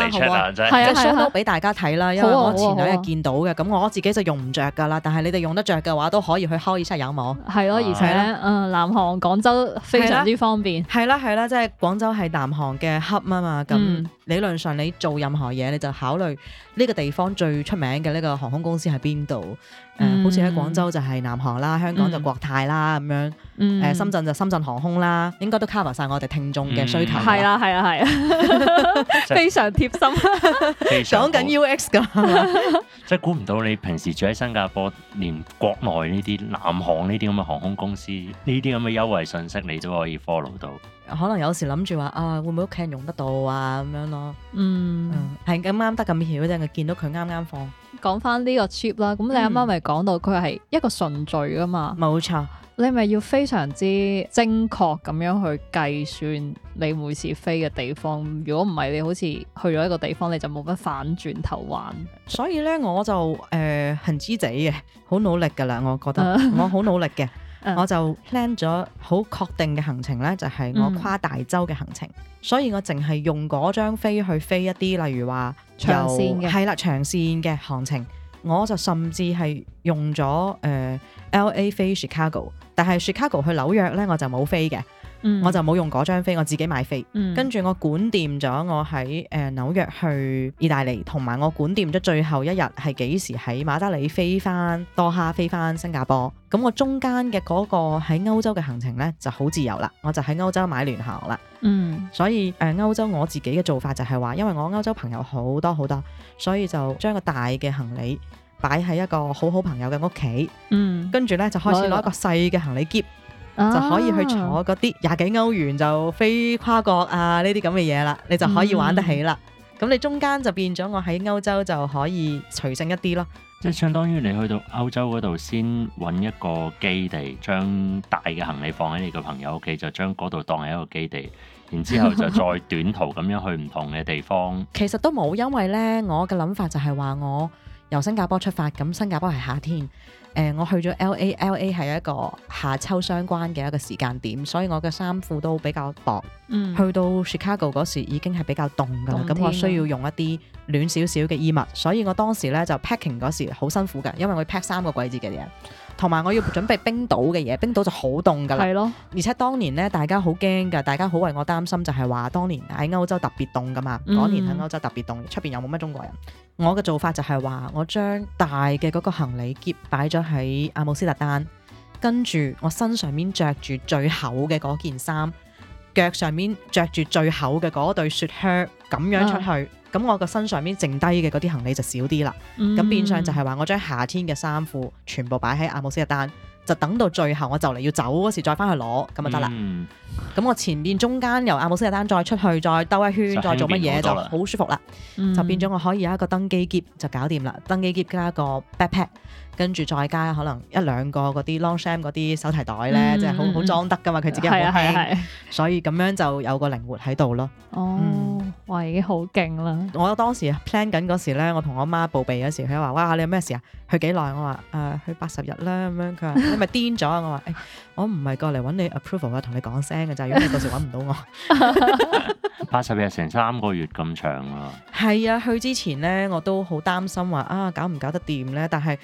即係 show 咯俾大家睇啦，因為我前兩日見到嘅。咁我自己就用唔着㗎啦，但係你哋用得着嘅話都可以去開一出有冇？係咯，而且誒南航廣州非常之方便。係啦係啦，即係廣州係南航嘅恰 u 啊嘛咁。理論上你做任何嘢，你就考慮呢個地方最出名嘅呢、呢個航空公司喺邊度？誒、嗯呃，好似喺廣州就係南航啦，香港就國泰啦咁、嗯、樣。誒、呃，深圳就深圳航空啦，應該都 cover 曬我哋聽眾嘅需求。係啦、嗯，係啦、啊，係啊，啊，啊，啊，啊，非常貼心，講緊 UX 噶，即係估唔到你平時住喺新加坡，連國內呢啲南航呢啲咁嘅航空公司，呢啲咁嘅優惠信息，你都可以 follow 到。可能有時諗住話啊，會唔會屋企人用得到啊咁樣咯？嗯，係咁啱得咁巧，即就見到佢啱啱放。講翻呢個 trip 啦，咁你啱啱咪講到佢係一個順序噶嘛？冇、嗯、錯，你咪要非常之精確咁樣去計算你每次飛嘅地方。如果唔係，你好似去咗一個地方，你就冇乜反轉頭玩。所以咧，我就誒恆、呃、之仔嘅，好努力噶啦，我覺得 (laughs) 我好努力嘅。我就 plan 咗好確定嘅行程咧，就係、是、我跨大洲嘅行程，嗯、所以我淨係用嗰張飛去飛一啲，例如話長線嘅，係啦長線嘅行程，我就甚至係用咗誒、呃、LA 飛 Chicago，但係 Chicago 去紐約咧，我就冇飛嘅。我就冇用嗰張飛，我自己買飛。跟住、嗯、我管掂咗我喺誒紐約去意大利，同埋我管掂咗最後一日係幾時喺馬德里飛翻，多哈、飛翻新加坡。咁我中間嘅嗰個喺歐洲嘅行程呢就好自由啦，我就喺歐洲買聯航啦。嗯，所以誒、呃、歐洲我自己嘅做法就係、是、話，因為我歐洲朋友好多好多，所以就將個大嘅行李擺喺一個好好朋友嘅屋企。嗯，跟住呢，就開始攞一個細嘅行李喼。啊、就可以去坐嗰啲廿幾歐元就飛跨國啊，呢啲咁嘅嘢啦，你就可以玩得起啦。咁、嗯、你中間就變咗我喺歐洲就可以隨性一啲咯。即係相當於你去到歐洲嗰度先揾一個基地，將大嘅行李放喺你嘅朋友屋企，就將嗰度當係一個基地，然之後就再短途咁樣去唔同嘅地方。 (laughs) 其實都冇，因為呢，我嘅諗法就係話我由新加坡出發，咁新加坡係夏天。誒、呃，我去咗 L A，L A 係一個夏秋相關嘅一個時間點，所以我嘅衫褲都比較薄。嗯、去到 Chicago 嗰時已經係比較凍㗎啦，咁、啊、我需要用一啲暖少少嘅衣物。所以我當時咧就 packing 嗰時好辛苦㗎，因為我要 pack 三個季節嘅嘢，同埋我要準備冰島嘅嘢， (laughs) 冰島就好凍㗎啦。係咯的，而且當年咧大家好驚㗎，大家好為我擔心就，就係話當年喺歐洲特別凍㗎嘛。當、嗯、年喺歐洲特別凍，出邊有冇乜中國人。我嘅做法就係話，我將大嘅嗰個行李篋擺咗喺阿姆斯特丹，跟住我身上面着住最厚嘅嗰件衫，腳上面着住最厚嘅嗰對雪靴，咁樣出去，咁、oh. 我個身上面剩低嘅嗰啲行李就少啲啦，咁變相就係話我將夏天嘅衫褲全部擺喺阿姆斯特丹。就等到最後，我就嚟要走嗰時再翻去攞，咁就得啦。咁、嗯、我前邊中間由阿姆斯特丹再出去，再兜一圈，相再做乜嘢就好舒服啦。嗯、就變咗我可以有一個登機喼就搞掂啦，登機喼加一個 backpack。跟住再加可能一兩個嗰啲 Longchamp 嗰啲手提袋咧，即係好好裝得噶嘛，佢自己好輕，所以咁樣就有個靈活喺度咯。哦，哇、嗯，已經好勁啦！我當時 plan 緊嗰時咧，我同我媽報備嗰時，佢話：哇，你有咩事啊？去幾耐？我話：誒、呃，去八十日啦咁樣。佢話：你咪癲咗啊！我話：我唔係過嚟揾你 approval 啊，同你講聲嘅咋。如果你到時揾唔到我，八 (laughs) 十 (laughs) 日成三個月咁長啊！係 (laughs) 啊，去之前咧我都好擔心話啊，啊，搞唔搞得掂咧？但係。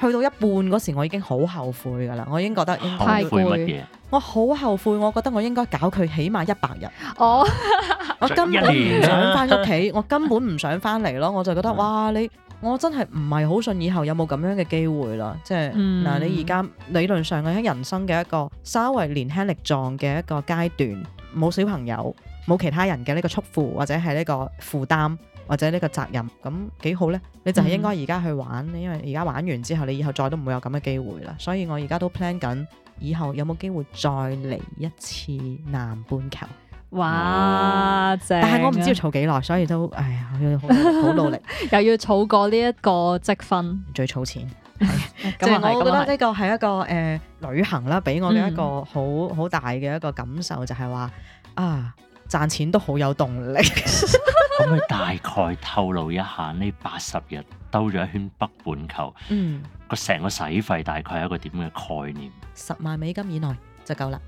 去到一半嗰時，我已經好後悔噶啦，我已經覺得太攰，我好後，麼後悔，我覺得我應該搞佢起碼一百日。我、哦、 (laughs) 我根本唔想翻屋企， (laughs) 我根本唔想翻嚟咯。我就覺得 (laughs) 哇，你我真係唔係好信以後有冇咁樣嘅機會啦。即係嗱，嗯、你而家理論上我喺人生嘅一個稍微年輕力壯嘅一個階段，冇小朋友，冇其他人嘅呢個束縛或者係呢個負擔。或者呢個責任咁幾好呢？你就係應該而家去玩，因為而家玩完之後，你以後再都唔會有咁嘅機會啦。所以，我而家都 plan 緊，以後有冇機會再嚟一次南半球？哇！嗯、正、啊，但係我唔知要儲幾耐，所以都唉，要好努力， (laughs) 又要儲過呢一個積分，最儲錢。即 (laughs) (laughs) (laughs) (laughs) 我覺得呢個係一個誒、呃、旅行啦，俾我嘅一個好好、嗯、大嘅一個感受，就係、是、話啊賺錢都好有動力。 (laughs) 可唔可以大概透露一下呢八十日兜咗一圈北半球，嗯，個成個使費大概係一個點樣嘅概念？十萬美金以內就夠啦，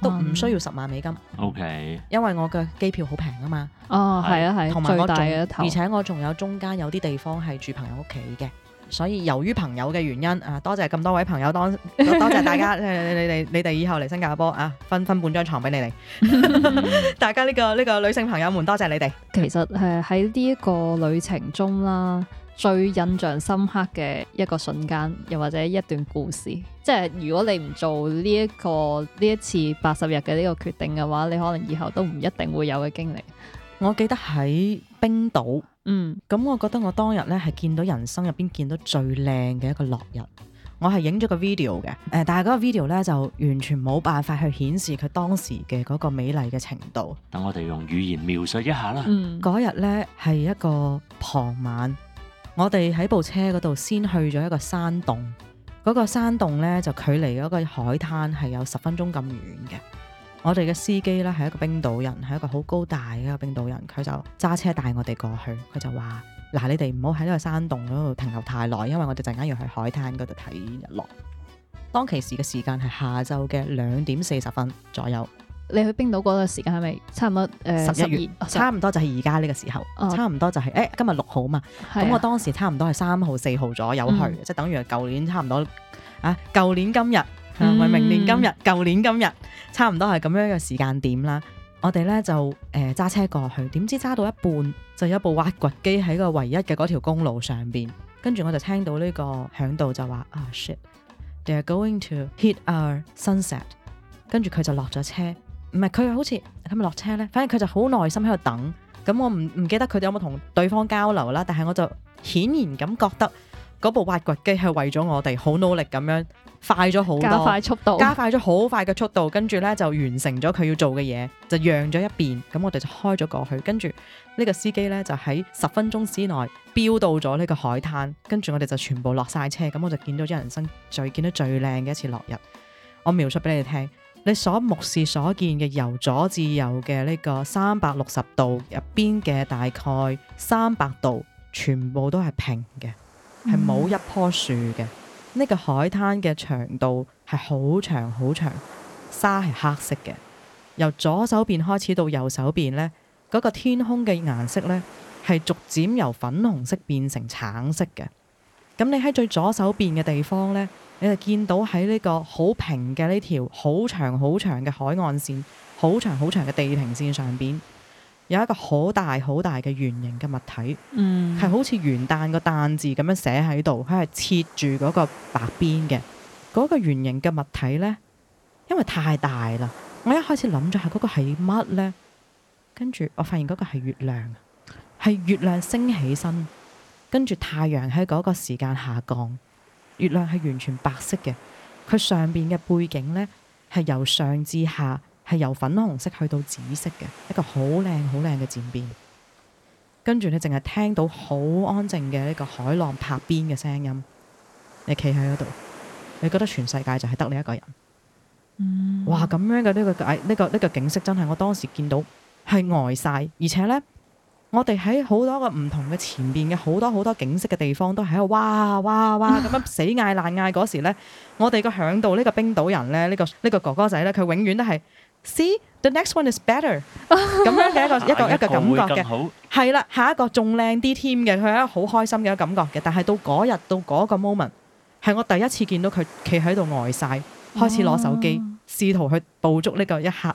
都唔需要十萬美金。嗯、OK，因為我嘅機票好平啊嘛。哦，係啊係，啊我最大嘅頭，而且我仲有中間有啲地方係住朋友屋企嘅。所以由於朋友嘅原因，啊多謝咁多位朋友，多多謝大家。 (laughs) 你你你哋以後嚟新加坡啊，分分半張床俾你哋。 (laughs) 大家呢個呢個女性朋友們，多謝你哋。其實誒喺呢一個旅程中啦，最印象深刻嘅一個瞬間，又或者一段故事，即係如果你唔做呢一個呢一次八十日嘅呢個決定嘅話，你可能以後都唔一定會有嘅經歷。我記得喺冰島，嗯，咁我覺得我當日咧係見到人生入邊見到最靚嘅一個落日，我係影咗個 video 嘅，誒、呃，但係嗰個 video 咧就完全冇辦法去顯示佢當時嘅嗰個美麗嘅程度。等我哋用語言描述一下啦。嗰、嗯、日咧係一個傍晚，我哋喺部車嗰度先去咗一個山洞，嗰、嗰個山洞咧就距離嗰個海灘係有十分鐘咁遠嘅。我哋嘅司機咧係一個冰島人，係一個好高大嘅一個冰島人，佢就揸車帶我哋過去。佢就話：嗱，你哋唔好喺呢個山洞嗰度停留太耐，因為我哋陣間要去海灘嗰度睇日落。當其時嘅時間係下晝嘅兩點四十分左右。你去冰島嗰個時間係咪差唔多？誒十一月差唔多就係而家呢個時候，哦、差唔多就係、是、誒、欸、今日六號啊嘛。咁我當時差唔多係三號、四號左右去，嗯、即係等於舊年差唔多啊，舊年今日。咪、嗯、明年今日、舊年今日，差唔多係咁樣嘅時間點啦。我哋咧就誒揸、呃、車過去，點知揸到一半就有一部挖掘機喺個唯一嘅嗰條公路上邊。跟住我就聽到呢個喺度就話：啊、oh, shit，they are going to hit our sunset。跟住佢就落咗車，唔係佢好似咁咪落車咧。反正佢就好耐心喺度等。咁我唔唔記得佢哋有冇同對方交流啦。但係我就顯然咁覺得嗰部挖掘機係為咗我哋好努力咁樣。快咗好多，加快速度，加快咗好快嘅速度，跟住咧就完成咗佢要做嘅嘢，就讓咗一邊，咁我哋就開咗過去，跟住呢個司機咧就喺十分鐘之內飆到咗呢個海灘，跟住我哋就全部落晒車，咁我就見到咗人生最見到最靚嘅一次落日。我描述俾你聽，你所目視所見嘅由左至右嘅呢個三百六十度入邊嘅大概三百度，全部都係平嘅，係冇一棵樹嘅。嗯呢個海灘嘅長度係好長好長，沙係黑色嘅，由左手邊開始到右手邊呢，嗰個天空嘅顏色呢，係逐漸由粉紅色變成橙色嘅。咁你喺最左手邊嘅地方呢，你就見到喺呢個好平嘅呢條好長好長嘅海岸線，好長好長嘅地平線上邊。有一個好大好大嘅圓形嘅物體，係、嗯、好似元旦個旦字咁樣寫喺度，佢係切住嗰個白邊嘅。嗰、嗰個圓形嘅物體呢，因為太大啦，我一開始諗咗係嗰個係乜呢？跟住我發現嗰個係月亮，係月亮升起身，跟住太陽喺嗰個時間下降，月亮係完全白色嘅，佢上邊嘅背景呢，係由上至下。係由粉紅色去到紫色嘅一個好靚好靚嘅漸變，跟住你淨係聽到好安靜嘅呢個海浪拍邊嘅聲音，你企喺嗰度，你覺得全世界就係得你一個人。嗯，哇咁樣嘅呢、呢個呢、呢個呢、呢個呢個景色真係我當時見到係呆晒，而且呢，我哋喺好多個唔同嘅前邊嘅好多好多景色嘅地方都喺度哇哇哇咁樣死嗌爛嗌嗰時呢，我哋個響度呢個冰島人咧呢、呢個呢、呢個哥哥仔呢，佢永遠都係。See the next one is better，咁 (laughs) 樣嘅一個一個一個感覺嘅，係啦，下一個仲靚啲添嘅，佢係一個好開心嘅感覺嘅，但係到嗰日到嗰個 moment 係我第一次見到佢企喺度呆晒，開始攞手機試圖去捕捉呢個一刻，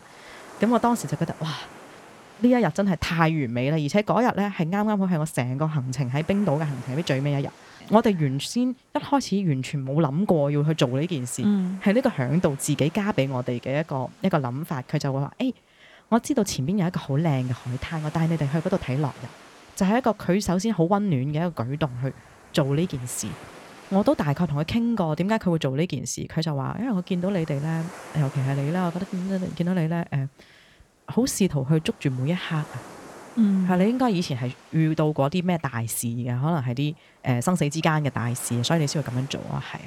咁我當時就覺得哇，呢一日真係太完美啦，而且嗰日咧係啱啱好係我成個行程喺冰島嘅行程嘅最尾一日。我哋原先一開始完全冇諗過要去做呢件事，係呢、嗯、個響度自己加俾我哋嘅一個一個諗法。佢就會話，誒、欸，我知道前邊有一個好靚嘅海灘，我帶你哋去嗰度睇落日。」就係、是、一個佢首先好溫暖嘅一個舉動去做呢件事。我都大概同佢傾過，點解佢會做呢件事？佢就話，因、欸、為我見到你哋咧，尤其係你啦，我覺得見到你咧，誒、呃，好試圖去捉住每一刻啊。嗯，你應該以前係遇到過啲咩大事嘅？可能係啲。誒生死之間嘅大事，所以你先會咁樣做啊，係啊，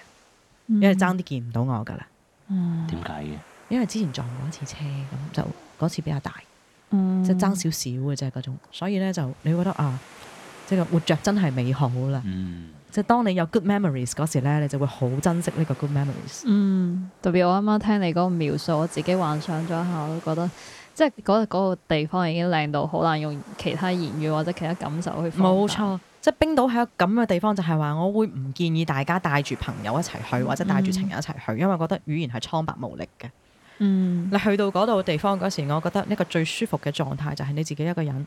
嗯、因為爭啲見唔到我噶啦，點解嘅？因為之前撞過一次車，咁就嗰次比較大，嗯、即係爭少少嘅啫嗰種，所以咧就你會覺得啊，即係活著真係美好啦，嗯、即係當你有 good memories 嗰時咧，你就會好珍惜呢個 good memories。嗯，特別我啱啱聽你嗰個描述，我自己幻想咗一下，我都覺得即係嗰個地方已經靚到好難用其他言語或者其他感受去形容。冇錯。即冰島係一個咁嘅地方，就係話我會唔建議大家帶住朋友一齊去，或者帶住情人一齊去，因為覺得語言係蒼白無力嘅。嗯，你去到嗰度地方嗰時，我覺得呢個最舒服嘅狀態就係你自己一個人。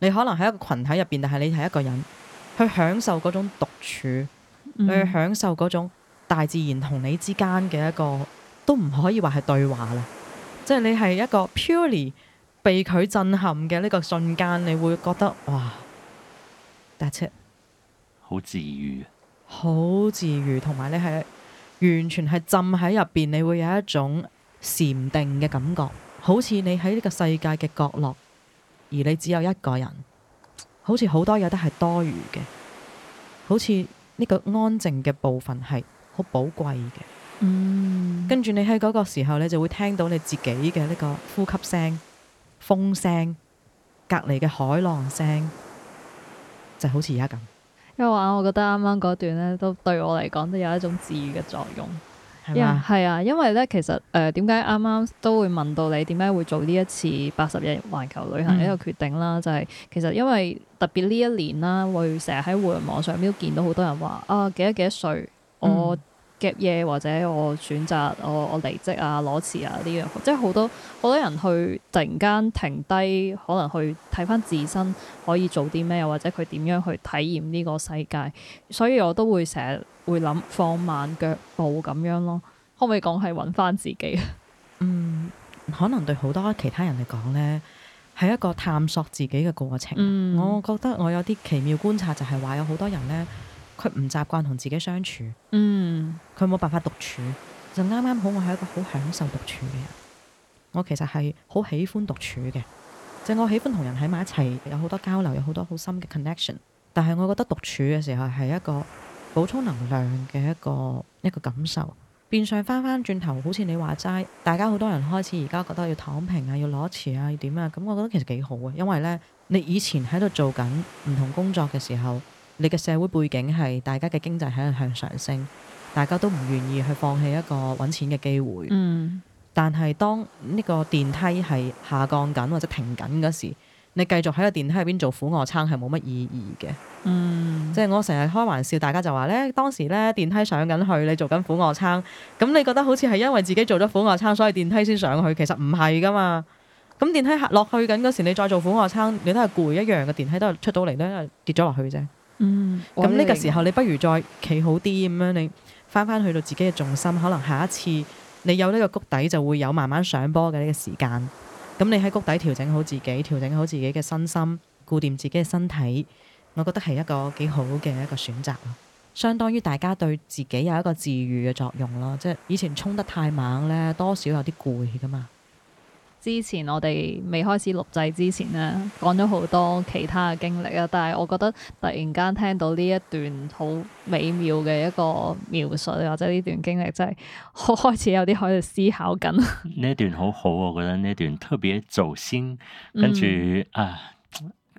你可能喺一個群體入邊，但係你係一個人去享受嗰種獨處，嗯，去享受嗰種大自然同你之間嘅一個都唔可以話係對話啦。即係你係一個 purely 被佢震撼嘅呢個瞬間，你會覺得哇！好治愈啊、治愈，好治愈，同埋你係完全係浸喺入邊，你會有一種禪定嘅感覺，好似你喺呢個世界嘅角落，而你只有一個人，好似好多嘢都係多餘嘅，好似呢個安靜嘅部分係好寶貴嘅。嗯，跟住你喺嗰個時候你就會聽到你自己嘅呢個呼吸聲、風聲、隔籬嘅海浪聲。就好似而家咁，因為我覺得啱啱嗰段咧，都對我嚟講都有一種治愈嘅作用。係啊嗎，係啊，因為咧，其實誒點解啱啱都會問到你點解會做呢一次八十日環球旅行呢個決定啦？嗯、就係、是、其實因為特別呢一年啦，我會成日喺互聯網上面都見到好多人話啊，幾多幾多歲我、嗯。嘢或者我選擇我我離職啊裸辭啊，呢樣，即係好多好多人去突然間停低，可能去睇翻自身可以做啲咩，或者佢點樣去體驗呢個世界，所以我都會成日會諗放慢腳步咁樣咯。可唔可以講係揾翻自己啊？嗯，可能對好多其他人嚟講呢，係一個探索自己嘅過程。嗯，我覺得我有啲奇妙觀察，就係話有好多人呢。佢唔習慣同自己相處，嗯，佢冇辦法獨處，就啱啱好我係一個好享受獨處嘅人，我其實係好喜歡獨處嘅，即係我喜歡同人喺埋一齊，有好多交流，有好多好深嘅 connection。但係我覺得獨處嘅時候係一個補充能量嘅一個一個感受。變相翻翻轉頭，好似你話齋，大家好多人開始而家覺得要躺平啊，要攞辭啊，要點啊，咁我覺得其實幾好啊，因為呢，你以前喺度做緊唔同工作嘅時候，你嘅社會背景係大家嘅經濟喺度向上升，大家都唔願意去放棄一個揾錢嘅機會。嗯、但係當呢個電梯係下降緊或者停緊嗰時，你繼續喺個電梯入邊做俯臥撐係冇乜意義嘅。嗯、即係我成日開玩笑，大家就話呢：「當時呢，電梯上緊去，你做緊俯臥撐，咁你覺得好似係因為自己做咗俯臥撐，所以電梯先上去。其實唔係㗎嘛。咁電梯落去緊嗰時，你再做俯臥撐，你都係攰一樣嘅。電梯都係出到嚟咧，跌咗落去啫。嗯，咁呢個時候你不如再企好啲咁樣，你翻翻去到自己嘅重心，可能下一次你有呢個谷底就會有慢慢上波嘅呢個時間。咁你喺谷底調整好自己，調整好自己嘅身心，固掂自己嘅身體，我覺得係一個幾好嘅一個選擇，相當於大家對自己有一個治癒嘅作用咯。即係以前衝得太猛呢，多少有啲攰噶嘛。之前我哋未開始錄製之前呢，講咗好多其他嘅經歷啊，但係我覺得突然間聽到呢一段好美妙嘅一個描述，或者呢段經歷真係開始有啲喺度思考緊。呢一段好好，我覺得呢一段特別做先，跟住、嗯、啊，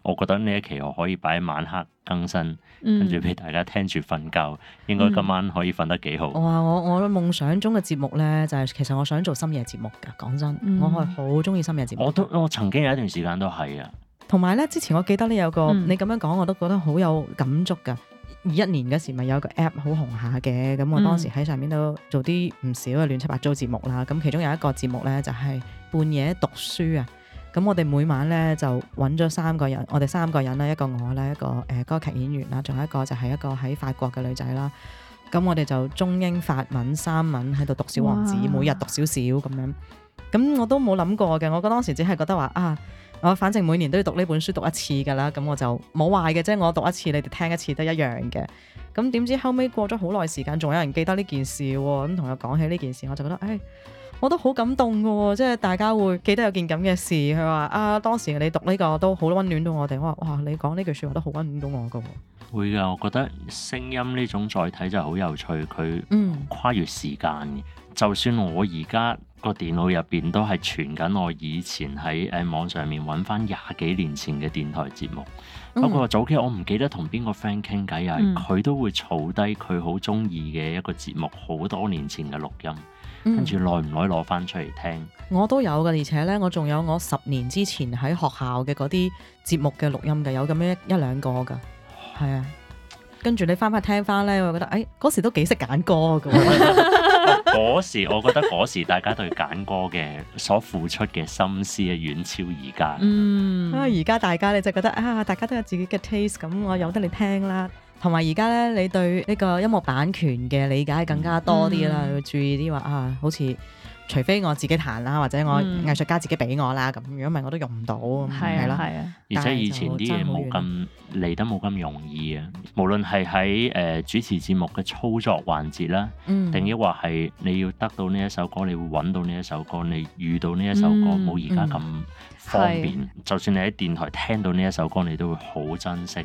我覺得呢一期我可以擺喺晚黑更新。嗯、跟住俾大家聽住瞓覺，應該今晚可以瞓得幾好。哇！我我嘅夢想中嘅節目呢，就係、是、其實我想做深夜節目噶。講真，嗯、我係好中意深夜節目。我都我曾經有一段時間都係啊。同埋呢，之前我記得咧有個、嗯、你咁樣講，我都覺得好有感觸噶。二一年嗰時咪有個 app 好紅下嘅，咁我當時喺上面都做啲唔少嘅亂七八糟節目啦。咁其中有一個節目呢，就係、是、半夜讀書啊。咁我哋每晚咧就揾咗三個人，我哋三個人啦，一個我啦，一個誒、呃、歌劇演員啦，仲有一個就係一個喺法國嘅女仔啦。咁我哋就中英法文三文喺度讀小王子，哇每日讀少少咁樣。咁我都冇諗過嘅，我嗰當時只係覺得話啊，我反正每年都要讀呢本書讀一次㗎啦，咁我就冇壞嘅即係，我讀一次你哋聽一次都一樣嘅。咁點知後尾過咗好耐時間，仲有人記得呢件事喎、哦？咁同佢講起呢件事，我就覺得誒。哎我都好感動㗎喎，即係大家會記得有件咁嘅事。佢話啊，當時你讀呢個都好温暖到我哋。我話哇，你講呢句説話都好温暖到我㗎喎。會㗎，我覺得聲音呢種載體就好有趣，佢跨越時間、嗯、就算我而家個電腦入邊都係存緊我以前喺誒網上面揾翻廿幾年前嘅電台節目。嗯、不過早期我唔記得同邊個 friend 傾偈啊，佢、嗯、都會儲低佢好中意嘅一個節目，好多年前嘅錄音。跟住、嗯、耐唔耐攞翻出嚟聽，我都有噶，而且呢，我仲有我十年之前喺學校嘅嗰啲節目嘅錄音嘅，有咁樣一,一兩個噶，係啊唉。跟住你翻翻聽翻呢，我覺得，哎、欸，嗰時都幾識揀歌噶。嗰時我覺得嗰時大家對揀歌嘅所付出嘅心思、嗯、啊，遠超而家。嗯，因為而家大家咧就覺得啊，大家都有自己嘅 taste，咁我有得你聽啦。同埋而家咧，你對呢個音樂版權嘅理解更加多啲啦，嗯、要注意啲話啊，好似除非我自己彈啦，或者我藝術家自己俾我啦，咁如果唔係我都用唔到咁。係咯、嗯，係啊。而且、啊、是以前啲嘢冇咁嚟得冇咁容易啊，無論係喺誒主持節目嘅操作環節啦，定抑或係你要得到呢一首歌，你會揾到呢一首歌，你遇到呢一首歌冇而家咁。嗯方便，是就算你喺電台聽到呢一首歌，你都會好珍惜，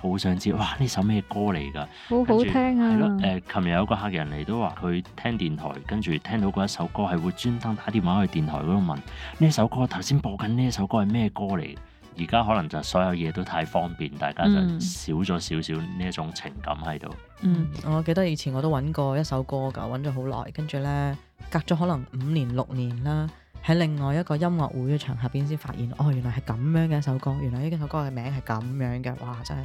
好想知哇呢首咩歌嚟㗎？好好聽啊！係咯，誒，琴日、呃、有個客人嚟都話，佢聽電台，跟住聽到嗰一首歌，係會專登打電話去電台嗰度問呢首歌，頭先播緊呢一首歌係咩歌嚟？而家可能就所有嘢都太方便，大家就少咗少少呢一種情感喺度。嗯，我記得以前我都揾過一首歌㗎，揾咗好耐，跟住咧隔咗可能五年六年啦。喺另外一個音樂會嘅場合邊先發現，哦，原來係咁樣嘅一首歌，原來呢一首歌嘅名係咁樣嘅，哇，真係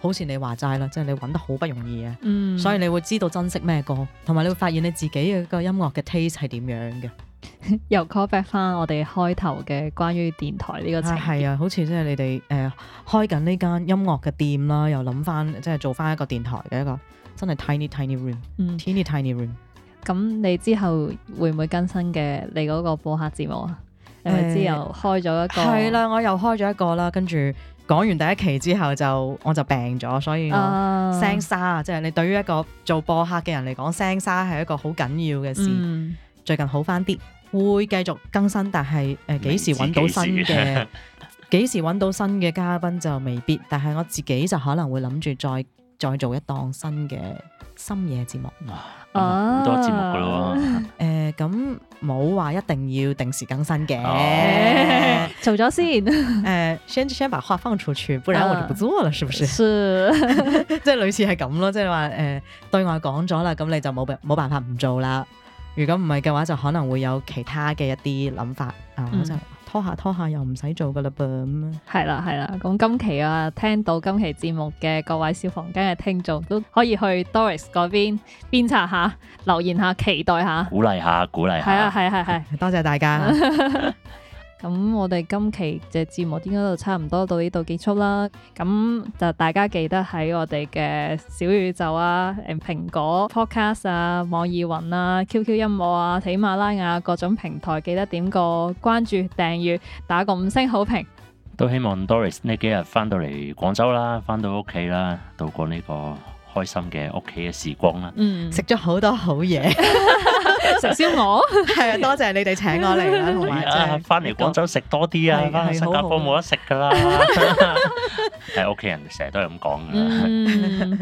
好似你話齋啦，即係你揾得好不容易啊，嗯、所以你會知道珍惜咩歌，同埋你會發現你自己嘅音樂嘅 taste 係點樣嘅。 (laughs) 又 call back 翻我哋 (laughs) 開頭嘅關於電台呢個情。係啊、嗯，好似即係你哋誒開緊呢間音樂嘅店啦，又諗翻即係做翻一個電台嘅一個真係 tiny tiny room，tiny tiny room。咁你之後會唔會更新嘅你嗰個播客節目啊？你咪、嗯、之後開咗一個係啦，我又開咗一個啦。跟住講完第一期之後就我就病咗，所以聲沙啊，即係、就是、你對於一個做播客嘅人嚟講，聲沙係一個好緊要嘅事。嗯、最近好翻啲，會繼續更新，但係誒幾時揾到新嘅，幾時揾到新嘅 (laughs) 嘉賓就未必。但係我自己就可能會諗住再。再做一檔新嘅深夜節目，好、嗯、多節目噶咯喎。誒，咁冇話一定要定時更新嘅，做咗先。誒，先先把話放出去，啊、不然我就不做了，是不是？是， (laughs) (laughs) 即係類似係咁咯，即係話誒，對外講咗啦，咁你就冇冇辦法唔做啦。如果唔係嘅話，就可能會有其他嘅一啲諗法、嗯、啊，好似拖下拖下又唔使做㗎喇噃咁。係啦係啦，咁、啊、今期啊，聽到今期節目嘅各位小房間嘅聽眾都可以去 Doris 嗰邊鞭策下、留言下、期待下，下、鼓勵下、鼓勵下。係啊係係係，多謝大家。 (laughs) (laughs) 咁我哋今期嘅節目應該都差唔多到呢度結束啦。咁就大家記得喺我哋嘅小宇宙啊、誒蘋果 Podcast 啊、網易雲啊、QQ 音樂啊、喜馬拉雅各種平台，記得點個關注、訂閱、打個五星好評。都希望 Doris 呢幾日翻到嚟廣州啦，翻到屋企啦，度過呢個開心嘅屋企嘅時光啦。嗯，食咗好多好嘢。 (laughs) 食燒鵝，係啊！多謝你哋請我嚟啦，同埋翻嚟廣州食多啲啊！翻去新加坡冇得食噶啦，係屋企人成日都係咁講噶啦。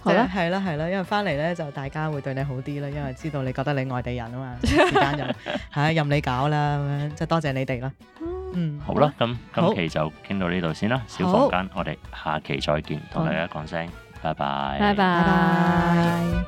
好啦，係啦，係啦，因為翻嚟咧就大家會對你好啲啦，因為知道你覺得你外地人啊嘛，時間又係任你搞啦咁樣，即係多謝你哋啦。嗯，好啦，咁今期就傾到呢度先啦，小房間，我哋下期再見，同大家講聲拜拜，拜拜。